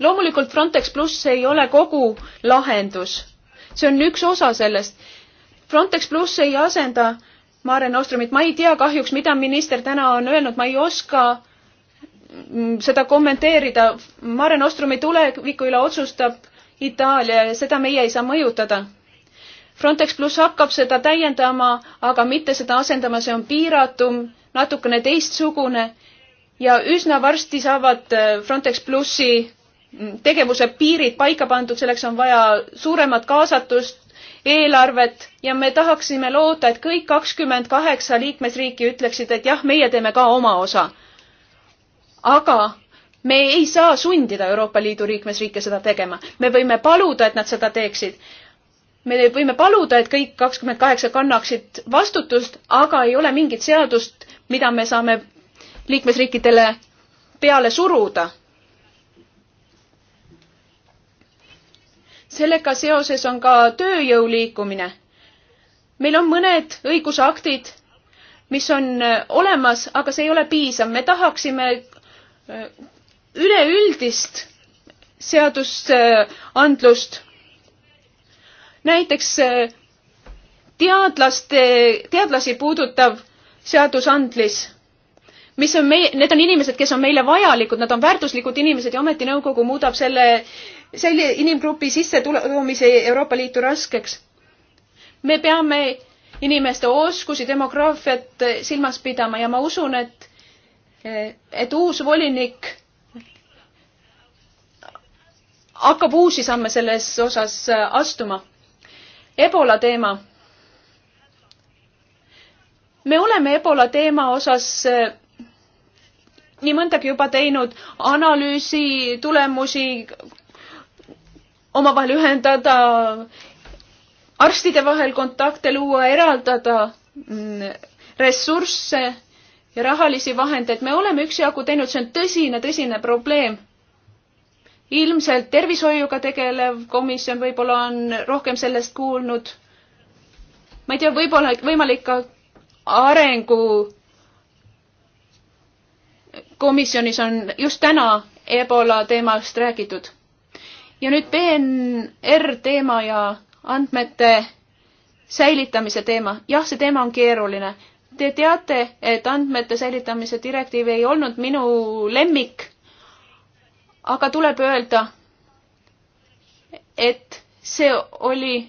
loomulikult Frontex pluss ei ole kogu lahendus, see on üks osa sellest. Frontex pluss ei asenda Mare Nostrumit, ma ei tea kahjuks, mida minister täna on öelnud, ma ei oska mm, seda kommenteerida. Mare Nostrumi tuleviku üle otsustab Itaalia ja seda meie ei saa mõjutada. Frontex pluss hakkab seda täiendama, aga mitte seda asendama, see on piiratum, natukene teistsugune ja üsna varsti saavad äh, Frontex plussi mm, tegevuse piirid paika pandud, selleks on vaja suuremat kaasatust, eelarvet ja me tahaksime loota, et kõik kakskümmend kaheksa liikmesriiki ütleksid, et jah, meie teeme ka oma osa. aga me ei saa sundida Euroopa Liidu liikmesriike seda tegema, me võime paluda, et nad seda teeksid. me võime paluda, et kõik kakskümmend kaheksa kannaksid vastutust, aga ei ole mingit seadust, mida me saame liikmesriikidele peale suruda sellega seoses on ka tööjõu liikumine. meil on mõned õigusaktid, mis on äh, olemas, aga see ei ole piisav. me tahaksime äh, üleüldist seadusandlust. Äh, näiteks teadlaste, teadlasi puudutav seadusandlis, mis on meie, need on inimesed, kes on meile vajalikud, nad on väärtuslikud inimesed ja ometi nõukogu muudab selle selle inimgrupi sissetoomise Euroopa Liitu raskeks. me peame inimeste oskusi, demograafiat silmas pidama ja ma usun, et, et uus volinik hakkab uusi samme selles osas astuma. Ebola teema. me oleme Ebola teema osas eh, nii mõndagi juba teinud, analüüsi tulemusi omavahel ühendada, arstide vahel kontakte luua, eraldada mm, ressursse ja rahalisi vahendeid. me oleme üksjagu teinud, see on tõsine, tõsine probleem. ilmselt tervishoiuga tegelev komisjon võib-olla on rohkem sellest kuulnud. ma ei tea, võib-olla võimalik ka arengu komisjonis on just täna Ebola teemast räägitud ja nüüd PNR teema ja andmete säilitamise teema. jah, see teema on keeruline. Te teate, et andmete säilitamise direktiiv ei olnud minu lemmik. aga tuleb öelda, et see oli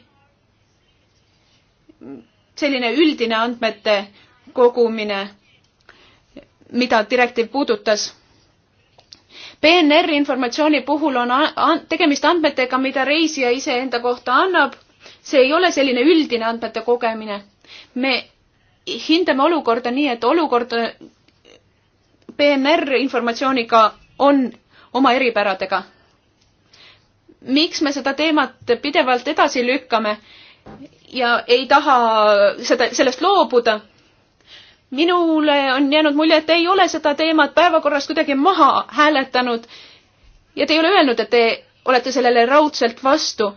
selline üldine andmete kogumine, mida direktiiv puudutas PNR informatsiooni puhul on tegemist andmetega, mida reisija iseenda kohta annab. see ei ole selline üldine andmete kogemine. me hindame olukorda nii, et olukord PNR informatsiooniga on oma eripäradega. miks me seda teemat pidevalt edasi lükkame ja ei taha seda, sellest loobuda? minule on jäänud mulje, et te ei ole seda teemat päevakorrast kuidagi maha hääletanud ja te ei ole öelnud, et te olete sellele raudselt vastu.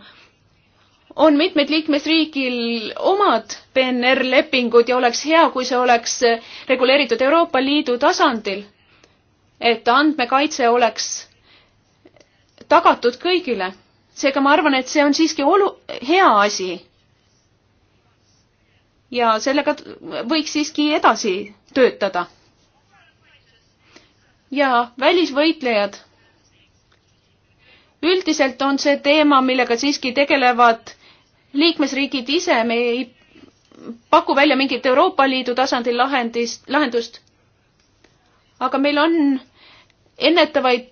on mitmed liikmesriigil omad PNR-lepingud ja oleks hea, kui see oleks reguleeritud Euroopa Liidu tasandil, et andmekaitse oleks tagatud kõigile. seega ma arvan, et see on siiski olu-, hea asi ja sellega võiks siiski edasi töötada. ja välisvõitlejad. üldiselt on see teema, millega siiski tegelevad liikmesriigid ise, me ei paku välja mingit Euroopa Liidu tasandil lahendist, lahendust. aga meil on ennetavaid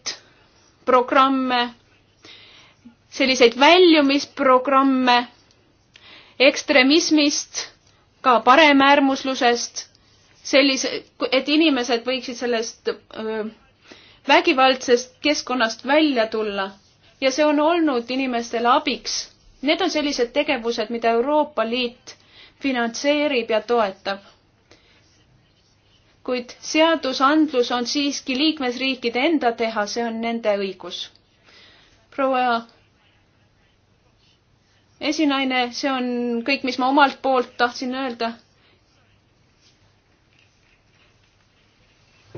programme, selliseid väljumisprogramme ekstremismist ka paremäärmuslusest, sellise, et inimesed võiksid sellest öö, vägivaldsest keskkonnast välja tulla ja see on olnud inimestele abiks. Need on sellised tegevused, mida Euroopa Liit finantseerib ja toetab. kuid seadusandlus on siiski liikmesriikide enda teha, see on nende õigus. proua esinaine, see on kõik, mis ma omalt poolt tahtsin öelda.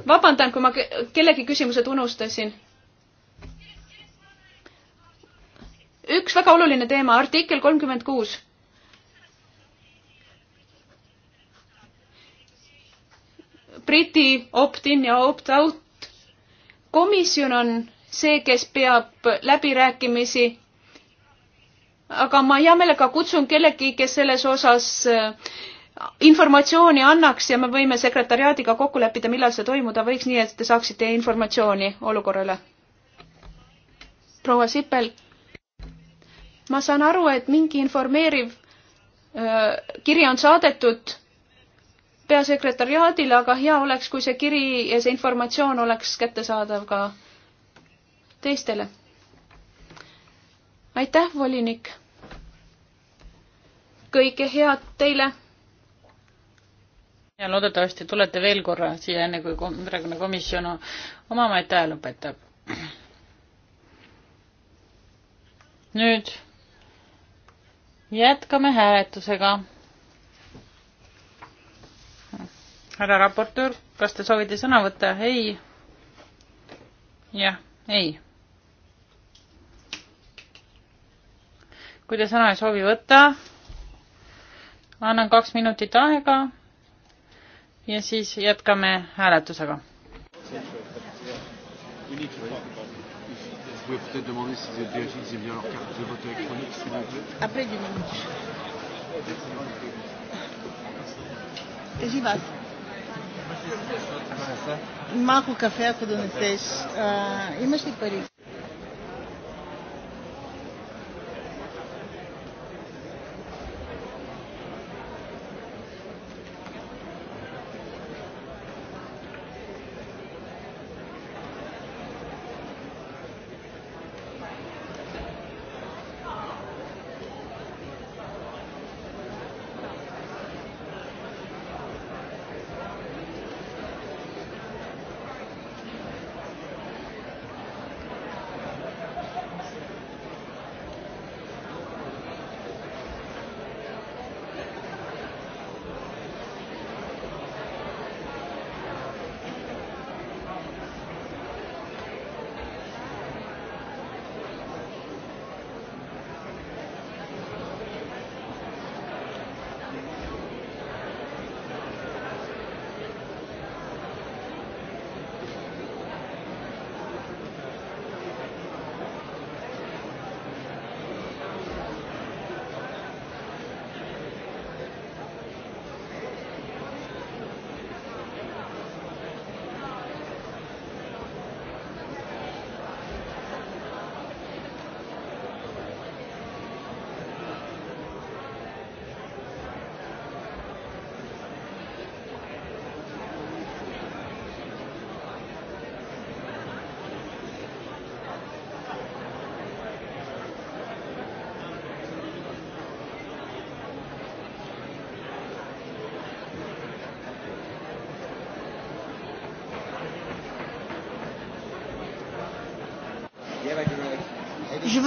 vabandan, kui ma kellegi küsimused unustasin. üks väga oluline teema, artikkel kolmkümmend kuus. Briti opt-in ja opt-out. komisjon on see, kes peab läbirääkimisi aga ma hea meelega kutsun kellegi, kes selles osas äh, informatsiooni annaks ja me võime sekretäriaadiga kokku leppida, millal see toimuda võiks, nii et te saaksite informatsiooni olukorra üle. proua Sipel, ma saan aru, et mingi informeeriv äh, kiri on saadetud peasekretäriaadile, aga hea oleks, kui see kiri ja see informatsioon oleks kättesaadav ka teistele aitäh, volinik. kõike head teile. ja loodetavasti tulete veel korra siia, enne kui praegune komisjon oma ameti aja lõpetab. nüüd jätkame hääletusega. härra raportöör, kas te soovite sõna võtta? ei. jah, ei kui te sõna ei soovi võtta, annan kaks minutit aega ja siis jätkame hääletusega. Vous pouvez peut-être demander si les DG aient bien leur carte de vote électronique, s'il vous plaît. Après 10 minutes. J'y vais. Малко кафе, ако донесеш. А, имаш ли пари?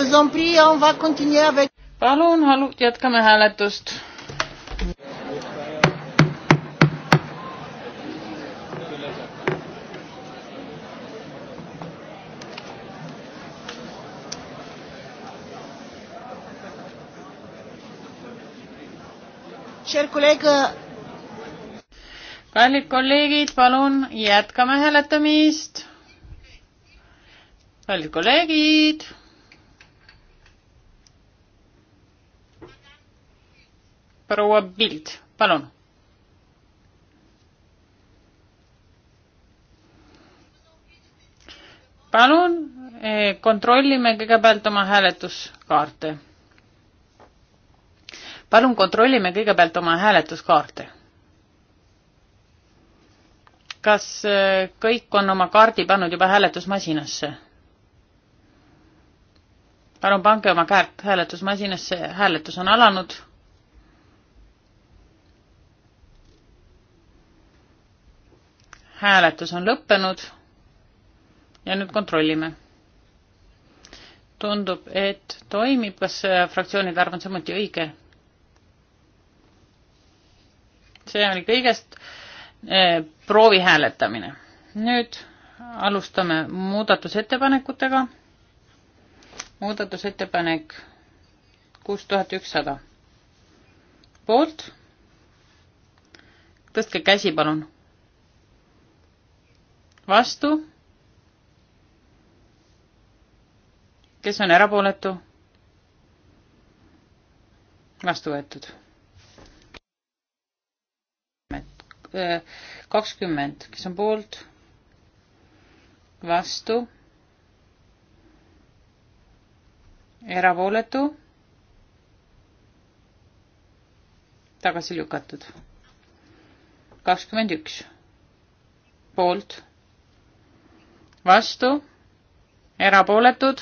vous en prie, on va continuer avec... palun, jätkame hääletust. kallid kolleegid, palun jätkame hääletamist. kallid kolleegid proua Pild, palun. palun eh, kontrollime kõigepealt oma hääletuskaarte. palun kontrollime kõigepealt oma hääletuskaarte. kas eh, kõik on oma kaardi pannud juba hääletusmasinasse? palun pange oma kärt hääletusmasinasse, hääletus on alanud hääletus on lõppenud ja nüüd kontrollime. tundub, et toimib, kas äh, fraktsioonide arv on samuti õige? see oli kõigest äh, proovi hääletamine. nüüd alustame muudatusettepanekutega. muudatusettepanek kuus tuhat ükssada. poolt? tõstke käsi, palun vastu. kes on erapooletu? vastu võetud. kakskümmend, kes on poolt? vastu. erapooletu. tagasi lükatud. kakskümmend üks poolt vastu, erapooletud,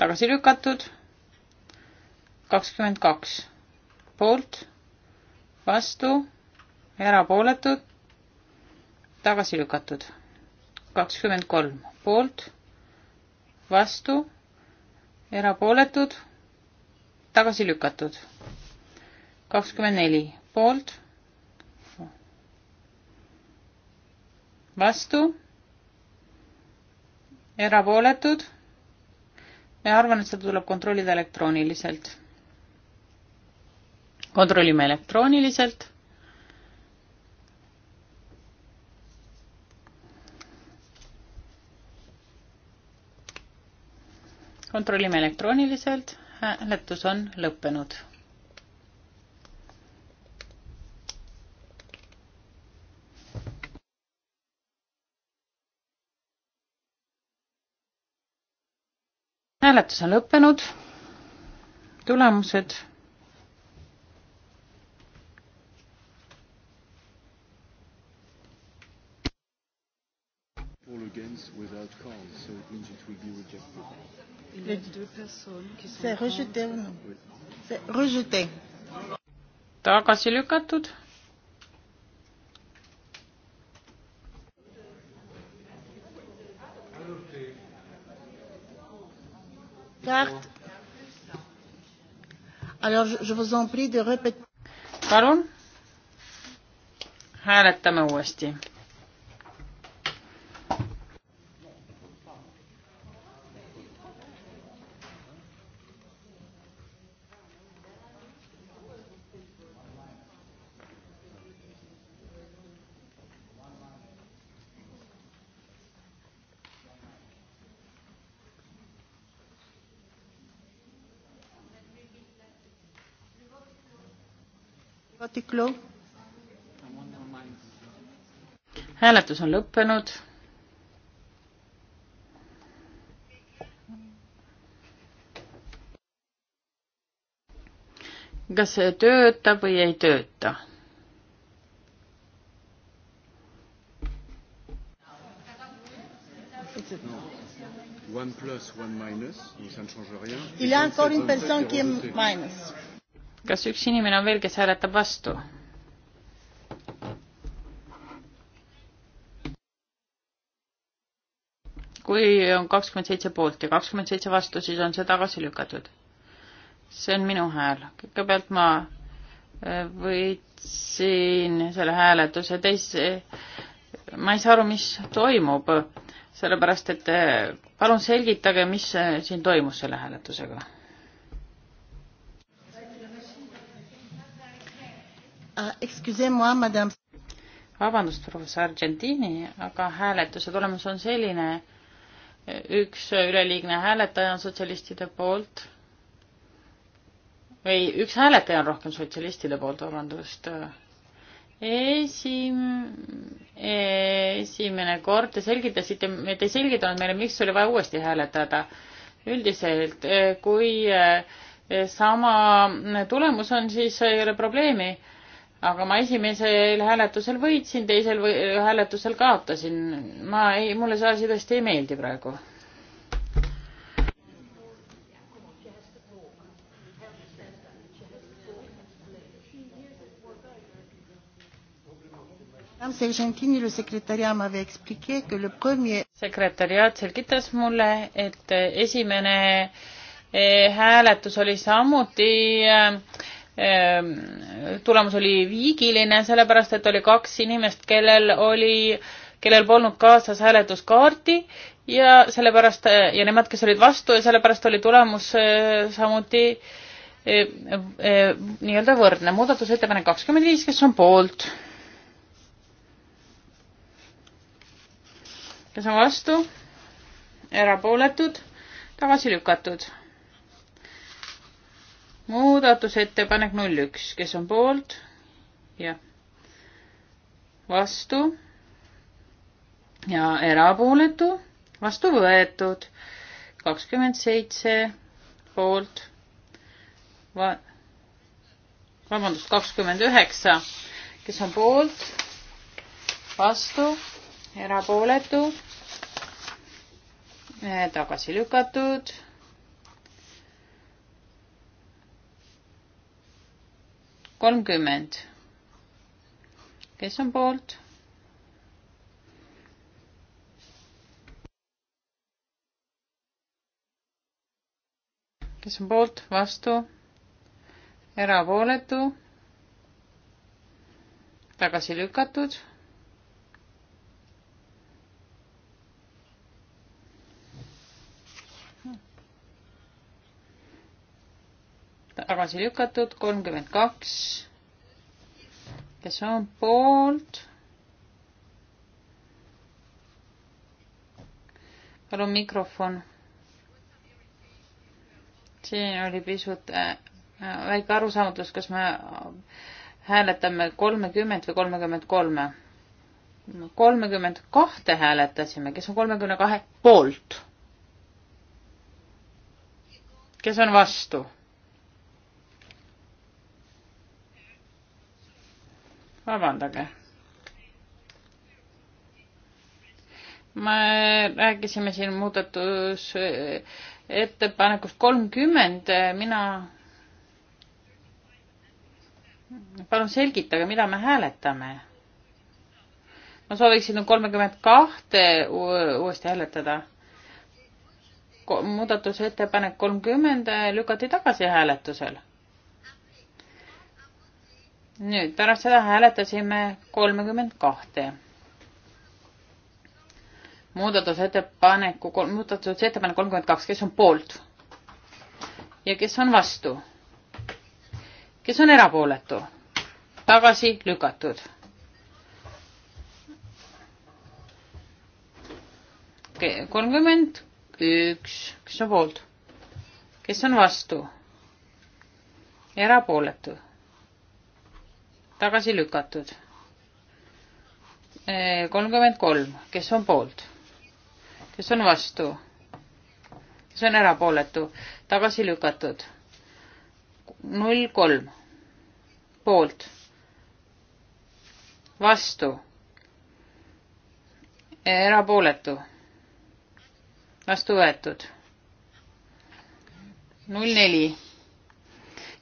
tagasi lükatud, kakskümmend kaks poolt, vastu, erapooletud, tagasi lükatud, kakskümmend kolm poolt, vastu, erapooletud, tagasi lükatud, kakskümmend neli poolt, vastu erapooletud. ma arvan, et seda tuleb kontrollida elektrooniliselt. kontrollime elektrooniliselt. kontrollime elektrooniliselt, hääletus on lõppenud hääletus on lõppenud. tulemused. tagasi lükatud carte. Alors, je vous en prie de répéter. Palun, hääletame uuesti. hääletus on lõppenud. kas see töötab või ei tööta? One plus, one minus, ça ne change rien. Il y a encore une personne qui est minus kas üks inimene on veel, kes hääletab vastu? kui on kakskümmend seitse poolt ja kakskümmend seitse vastu, siis on see tagasi lükatud. see on minu hääl. kõigepealt ma äh, võitsin selle hääletuse teise, äh, ma ei saa aru, mis toimub, sellepärast et äh, palun selgitage, mis siin toimus selle hääletusega Ah, vabandust, professor Argentiini, aga hääletuse tulemus on selline, üks üleliigne hääletaja on sotsialistide poolt või üks hääletaja on rohkem sotsialistide poolt, vabandust. esim-, esimene kord te selgitasite, te ei selgitanud meile, miks oli vaja uuesti hääletada. üldiselt, kui eh, sama tulemus on, siis ei ole probleemi aga ma esimesel hääletusel võitsin, teisel või, hääletusel kaotasin. ma ei, mulle see asi tõesti ei meeldi praegu. sekretäriaat selgitas mulle, et esimene eh, hääletus oli samuti äh, Ehm, tulemus oli viigiline, sellepärast et oli kaks inimest, kellel oli, kellel polnud kaasas hääletuskaarti ja sellepärast ja nemad, kes olid vastu ja sellepärast oli tulemus eh, samuti eh, eh, nii-öelda võrdne. muudatusettepanek kakskümmend viis, kes on poolt? kes on vastu? erapooletud? tagasi lükatud muudatusettepanek null üks, kes on poolt? jah. vastu ja erapooletu, vastu võetud kakskümmend seitse poolt va-, vabandust, kakskümmend üheksa, kes on poolt, vastu, erapooletu, eh, tagasi lükatud kolmkümmend. kes on poolt? kes on poolt, vastu, erapooletu, tagasi lükatud tagasi lükatud, kolmkümmend kaks, kes on poolt. palun mikrofon. siin oli pisut äh, äh väike arusaamatus, kas me hääletame kolmekümmend või kolmekümmend kolme. kolmekümmend kahte hääletasime, kes on kolmekümne kahe poolt. kes on vastu? vabandage. me rääkisime siin muudatusettepanekust eh, kolmkümmend, mina palun selgitage, mida me hääletame. ma sooviksin kolmekümmend kahte uuesti hääletada. muudatusettepanek kolmkümmend lükati tagasi hääletusel nüüd pärast seda hääletasime kolmekümmend kahte. muudatusettepaneku, muudatusettepanek kolmkümmend kaks, kes on poolt? ja kes on vastu? kes on erapooletu? tagasi lükatud. kolmkümmend üks, kes on poolt? kes on vastu? erapooletu tagasi lükatud. kolmkümmend kolm, kes on poolt? kes on vastu? kes on erapooletu? tagasi lükatud. null kolm, poolt, vastu, erapooletu, vastu võetud. null neli,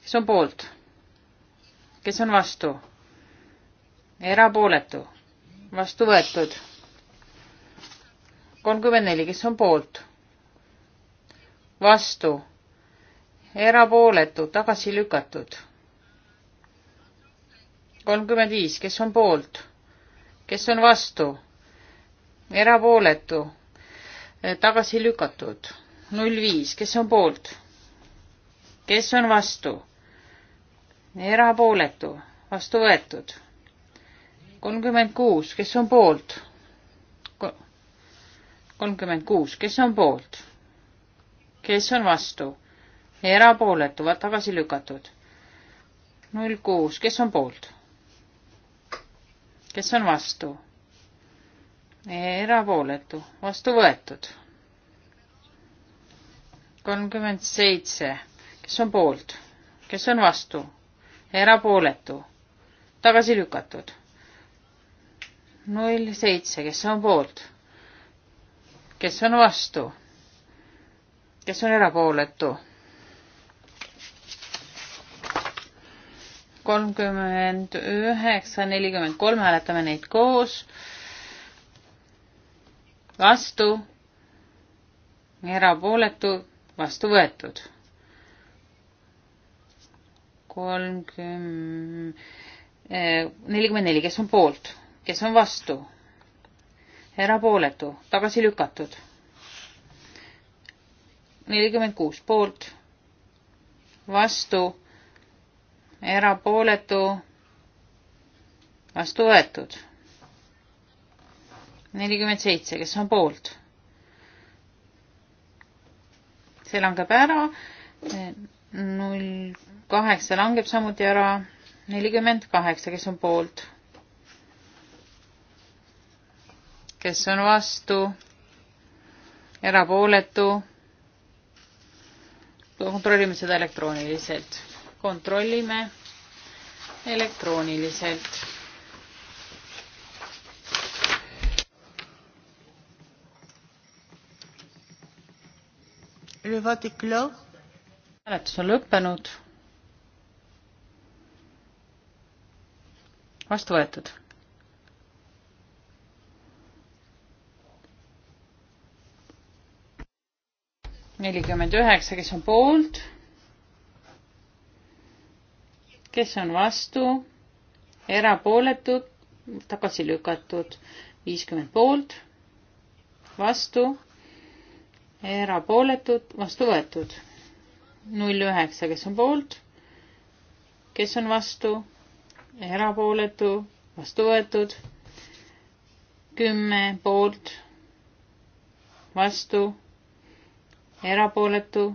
kes on poolt? kes on vastu? erapooletu, vastu võetud. kolmkümmend neli, kes on poolt? vastu, erapooletu, tagasi lükatud. kolmkümmend viis, kes on poolt? kes on vastu? erapooletu, tagasi lükatud. null viis, kes on poolt? kes on vastu? erapooletu, vastu võetud. kolmkümmend kuus, kes on poolt? kolmkümmend kuus, kes on poolt? kes on vastu? erapooletu, tagasi lükatud. null kuus, kes on poolt? kes on vastu? erapooletu, vastu võetud kolmkümmend seitse, kes on poolt, kes on vastu, erapooletu, tagasi lükatud. null seitse, kes on poolt? kes on vastu? kes on erapooletu? kolmkümmend üheksa, nelikümmend kolm, hääletame neid koos. vastu, erapooletu, vastu võetud kolmkümmend, eh, nelikümmend neli, kes on poolt, kes on vastu, erapooletu, tagasi lükatud. nelikümmend kuus poolt, vastu, erapooletu, vastu võetud. nelikümmend seitse, kes on poolt? see langeb ära null kaheksa langeb samuti ära, nelikümmend kaheksa, kes on poolt? kes on vastu? erapooletu? kontrollime seda elektrooniliselt. kontrollime elektrooniliselt. Le vote est clos hääletus on lõppenud. vastu võetud. nelikümmend üheksa, kes on poolt? kes on vastu? erapooletud, tagasi lükatud, viiskümmend poolt, vastu, erapooletud, vastu võetud null üheksa, kes on poolt, kes on vastu, erapooletu, vastu võetud, kümme poolt, vastu, erapooletu,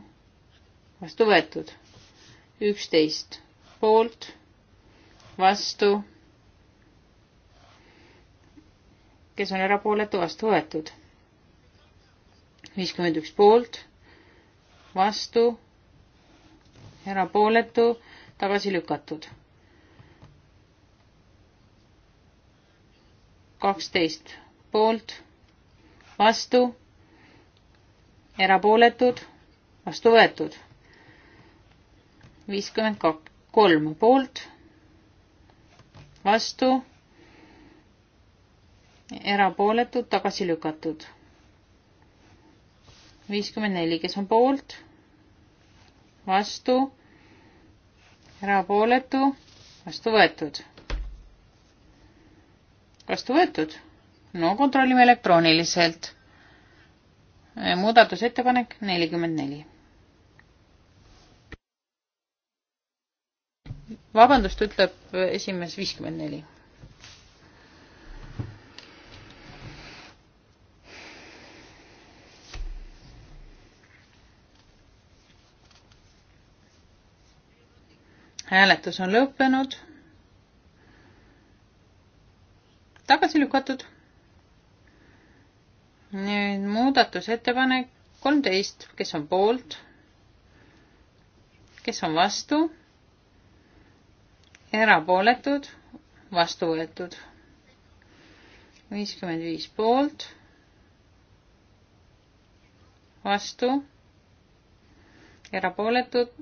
vastu võetud, üksteist poolt, vastu, kes on erapooletu, vastu võetud, viiskümmend üks poolt, vastu erapooletu, tagasi lükatud. kaksteist poolt, vastu, erapooletud, vastu võetud. viiskümmend kak-, kolm poolt, vastu, erapooletud, tagasi lükatud. viiskümmend neli, kes on poolt vastu, erapooletu, vastu võetud. vastu võetud? no kontrollime elektrooniliselt. Eh, muudatusettepanek nelikümmend neli. vabandust, ütleb esimees viiskümmend neli hääletus on lõppenud. tagasi lükatud. nüüd muudatusettepanek kolmteist, kes on poolt, kes on vastu, erapooletud, vastu võetud. viiskümmend viis poolt, vastu, erapooletud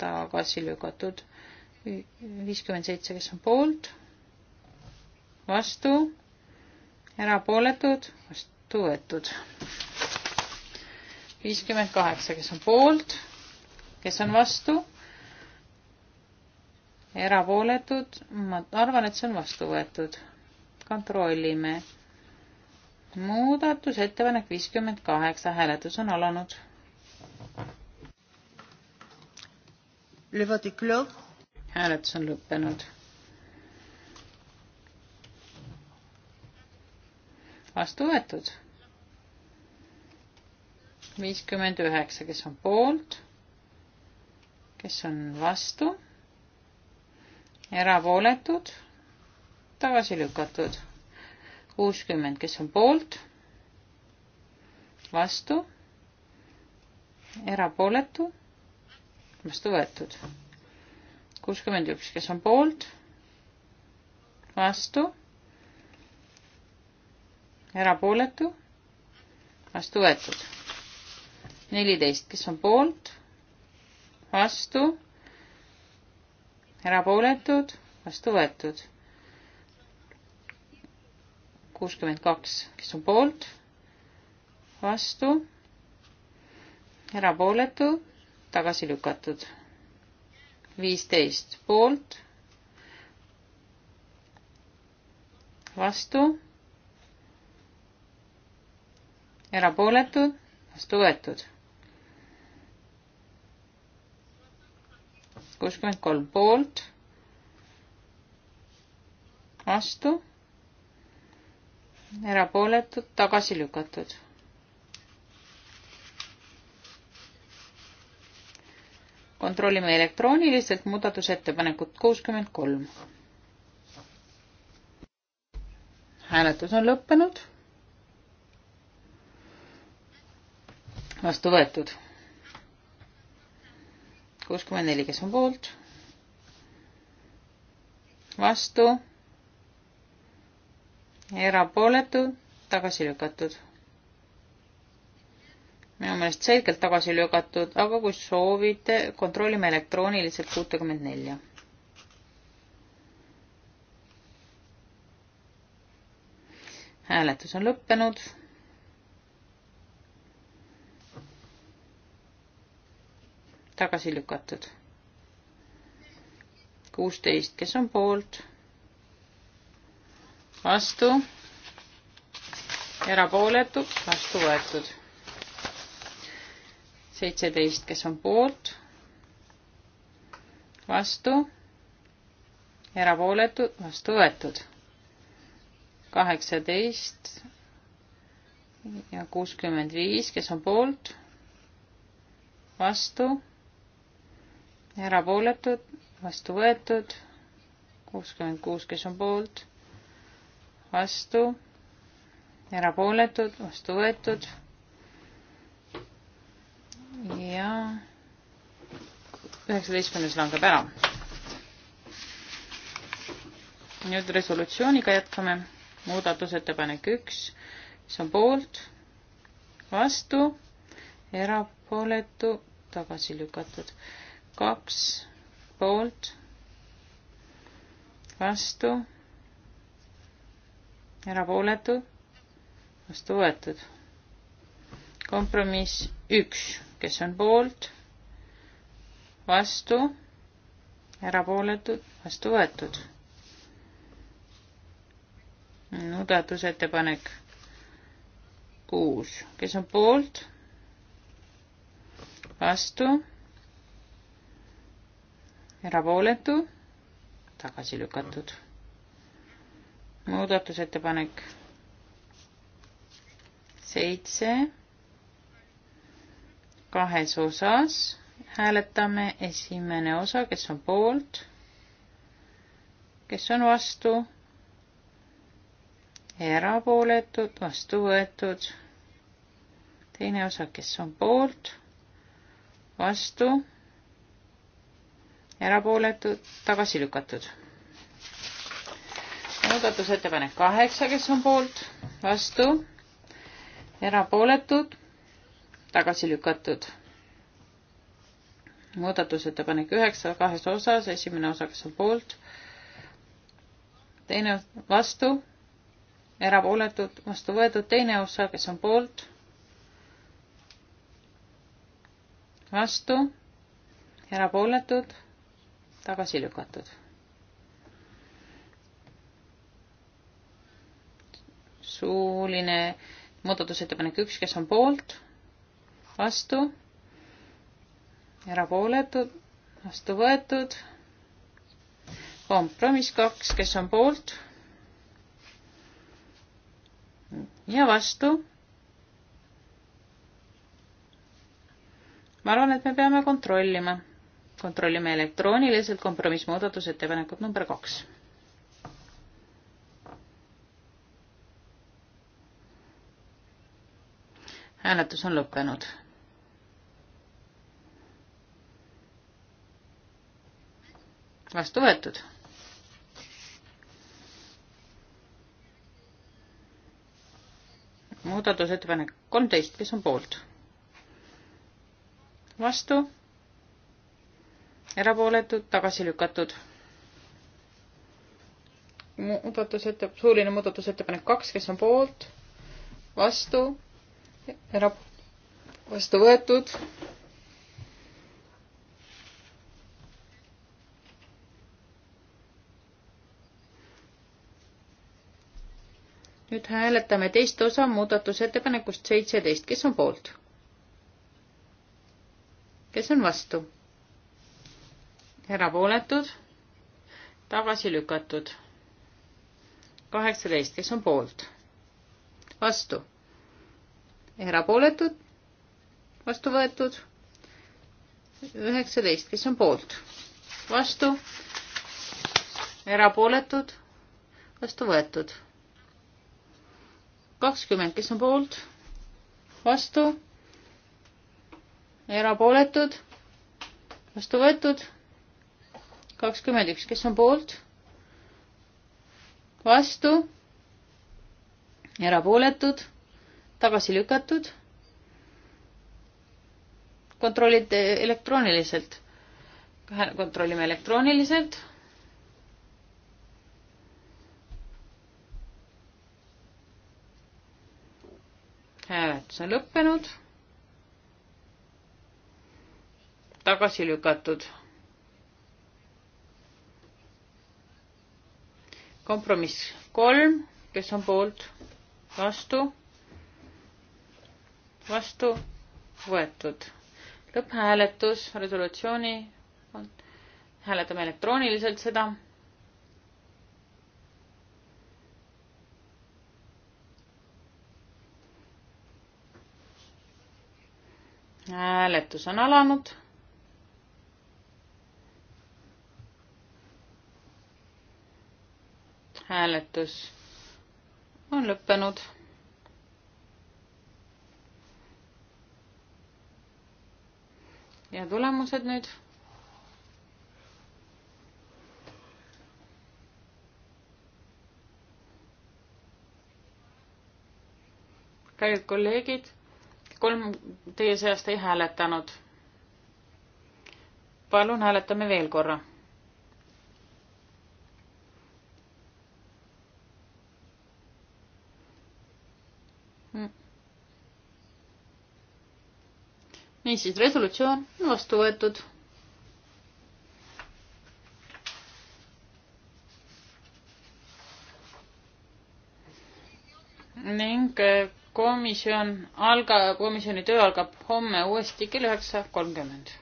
tagasi lükatud. viiskümmend seitse, kes on poolt, vastu, erapooletud, vastu võetud. viiskümmend kaheksa, kes on poolt, kes on vastu, erapooletud, ma arvan, et see on vastu võetud. kontrollime muudatusettepanek viiskümmend kaheksa, hääletus on alanud hääletus on lõppenud. vastu võetud. viiskümmend üheksa, kes on poolt, kes on vastu, erapooletud, tagasi lükatud. kuuskümmend, kes on poolt, vastu, erapooletu vastu võetud. kuuskümmend üks, kes on poolt, vastu, erapooletu, vastu võetud. neliteist, kes on poolt, vastu, erapooletud, vastu võetud. kuuskümmend kaks, kes on poolt, vastu, erapooletu tagasi lükatud. viisteist poolt, vastu, erapooletud, vastu võetud. kuuskümmend kolm poolt, vastu, erapooletud, tagasi lükatud kontrollime elektrooniliselt muudatusettepanekut kuuskümmend kolm. hääletus on lõppenud. vastu võetud. kuuskümmend neli, kes on poolt? vastu. erapooletu, tagasi lükatud minu meelest selgelt tagasi lükatud, aga kui soovite, kontrollime elektrooniliselt kuutekümmend nelja. hääletus on lõppenud. tagasi lükatud. kuusteist, kes on poolt? vastu? erapooletud, vastu võetud seitseteist, kes on poolt, vastu, erapooletud, vastu võetud. kaheksateist ja kuuskümmend viis, kes on poolt, vastu, erapooletud, vastu võetud, kuuskümmend kuus, kes on poolt, vastu, erapooletud, vastu võetud ja üheksateistkümnes langeb ära. nüüd resolutsiooniga jätkame. muudatusettepanek üks, see on poolt, vastu, erapooletu, tagasi lükatud. kaks, poolt, vastu, erapooletu, vastu võetud. kompromiss üks kes on poolt, vastu, erapooletud, vastu võetud. muudatusettepanek kuus, kes on poolt, vastu, erapooletu, tagasi lükatud. muudatusettepanek seitse kahes osas. hääletame esimene osa, kes on poolt, kes on vastu, erapooletud, vastu võetud. teine osa, kes on poolt, vastu, erapooletud, tagasi lükatud muudatusettepanek kaheksa, kes on poolt, vastu, erapooletud, tagasi lükatud. muudatusettepanek üheksa kahes osas, esimene osa, kes on poolt, teine vastu, erapooletud, vastu võetud, teine osa, kes on poolt, vastu, erapooletud, tagasi lükatud suuline muudatusettepanek üks, kes on poolt, vastu, erapooletud, vastu võetud. kompromiss kaks, kes on poolt ja vastu. ma arvan, et me peame kontrollima, kontrollime elektrooniliselt kompromissmuudatusettepanekut number kaks hääletus on lõppenud. vastu võetud. muudatusettepanek kolmteist, kes on poolt? vastu, erapooletud, tagasi lükatud. muudatusette-, suuline muudatusettepanek kaks, kes on poolt, vastu, era-, vastu võetud nüüd hääletame teist osa muudatusettepanekust seitseteist, kes on poolt? kes on vastu? erapooletud, tagasi lükatud. kaheksateist, kes on poolt? vastu. erapooletud, vastu võetud. üheksateist, kes on poolt? vastu. erapooletud, vastu võetud kakskümmend, kes on poolt, vastu, erapooletud, vastu võetud, kakskümmend üks, kes on poolt, vastu, erapooletud, tagasi lükatud, kontrollite eh, elektrooniliselt, kontrollime elektrooniliselt hääletus on lõppenud. tagasi lükatud. kompromiss kolm, kes on poolt, vastu, vastu, võetud. lõpphääletus resolutsiooni poolt. hääletame elektrooniliselt seda hääletus on alanud. hääletus on lõppenud. ja tulemused nüüd kallid kolleegid kolm teie seast ei hääletanud. palun hääletame veel korra. Hmm. niisiis, resolutsioon on vastu võetud ning eh, komisjon algab, komisjoni töö algab homme uuesti kell üheksa kolmkümmend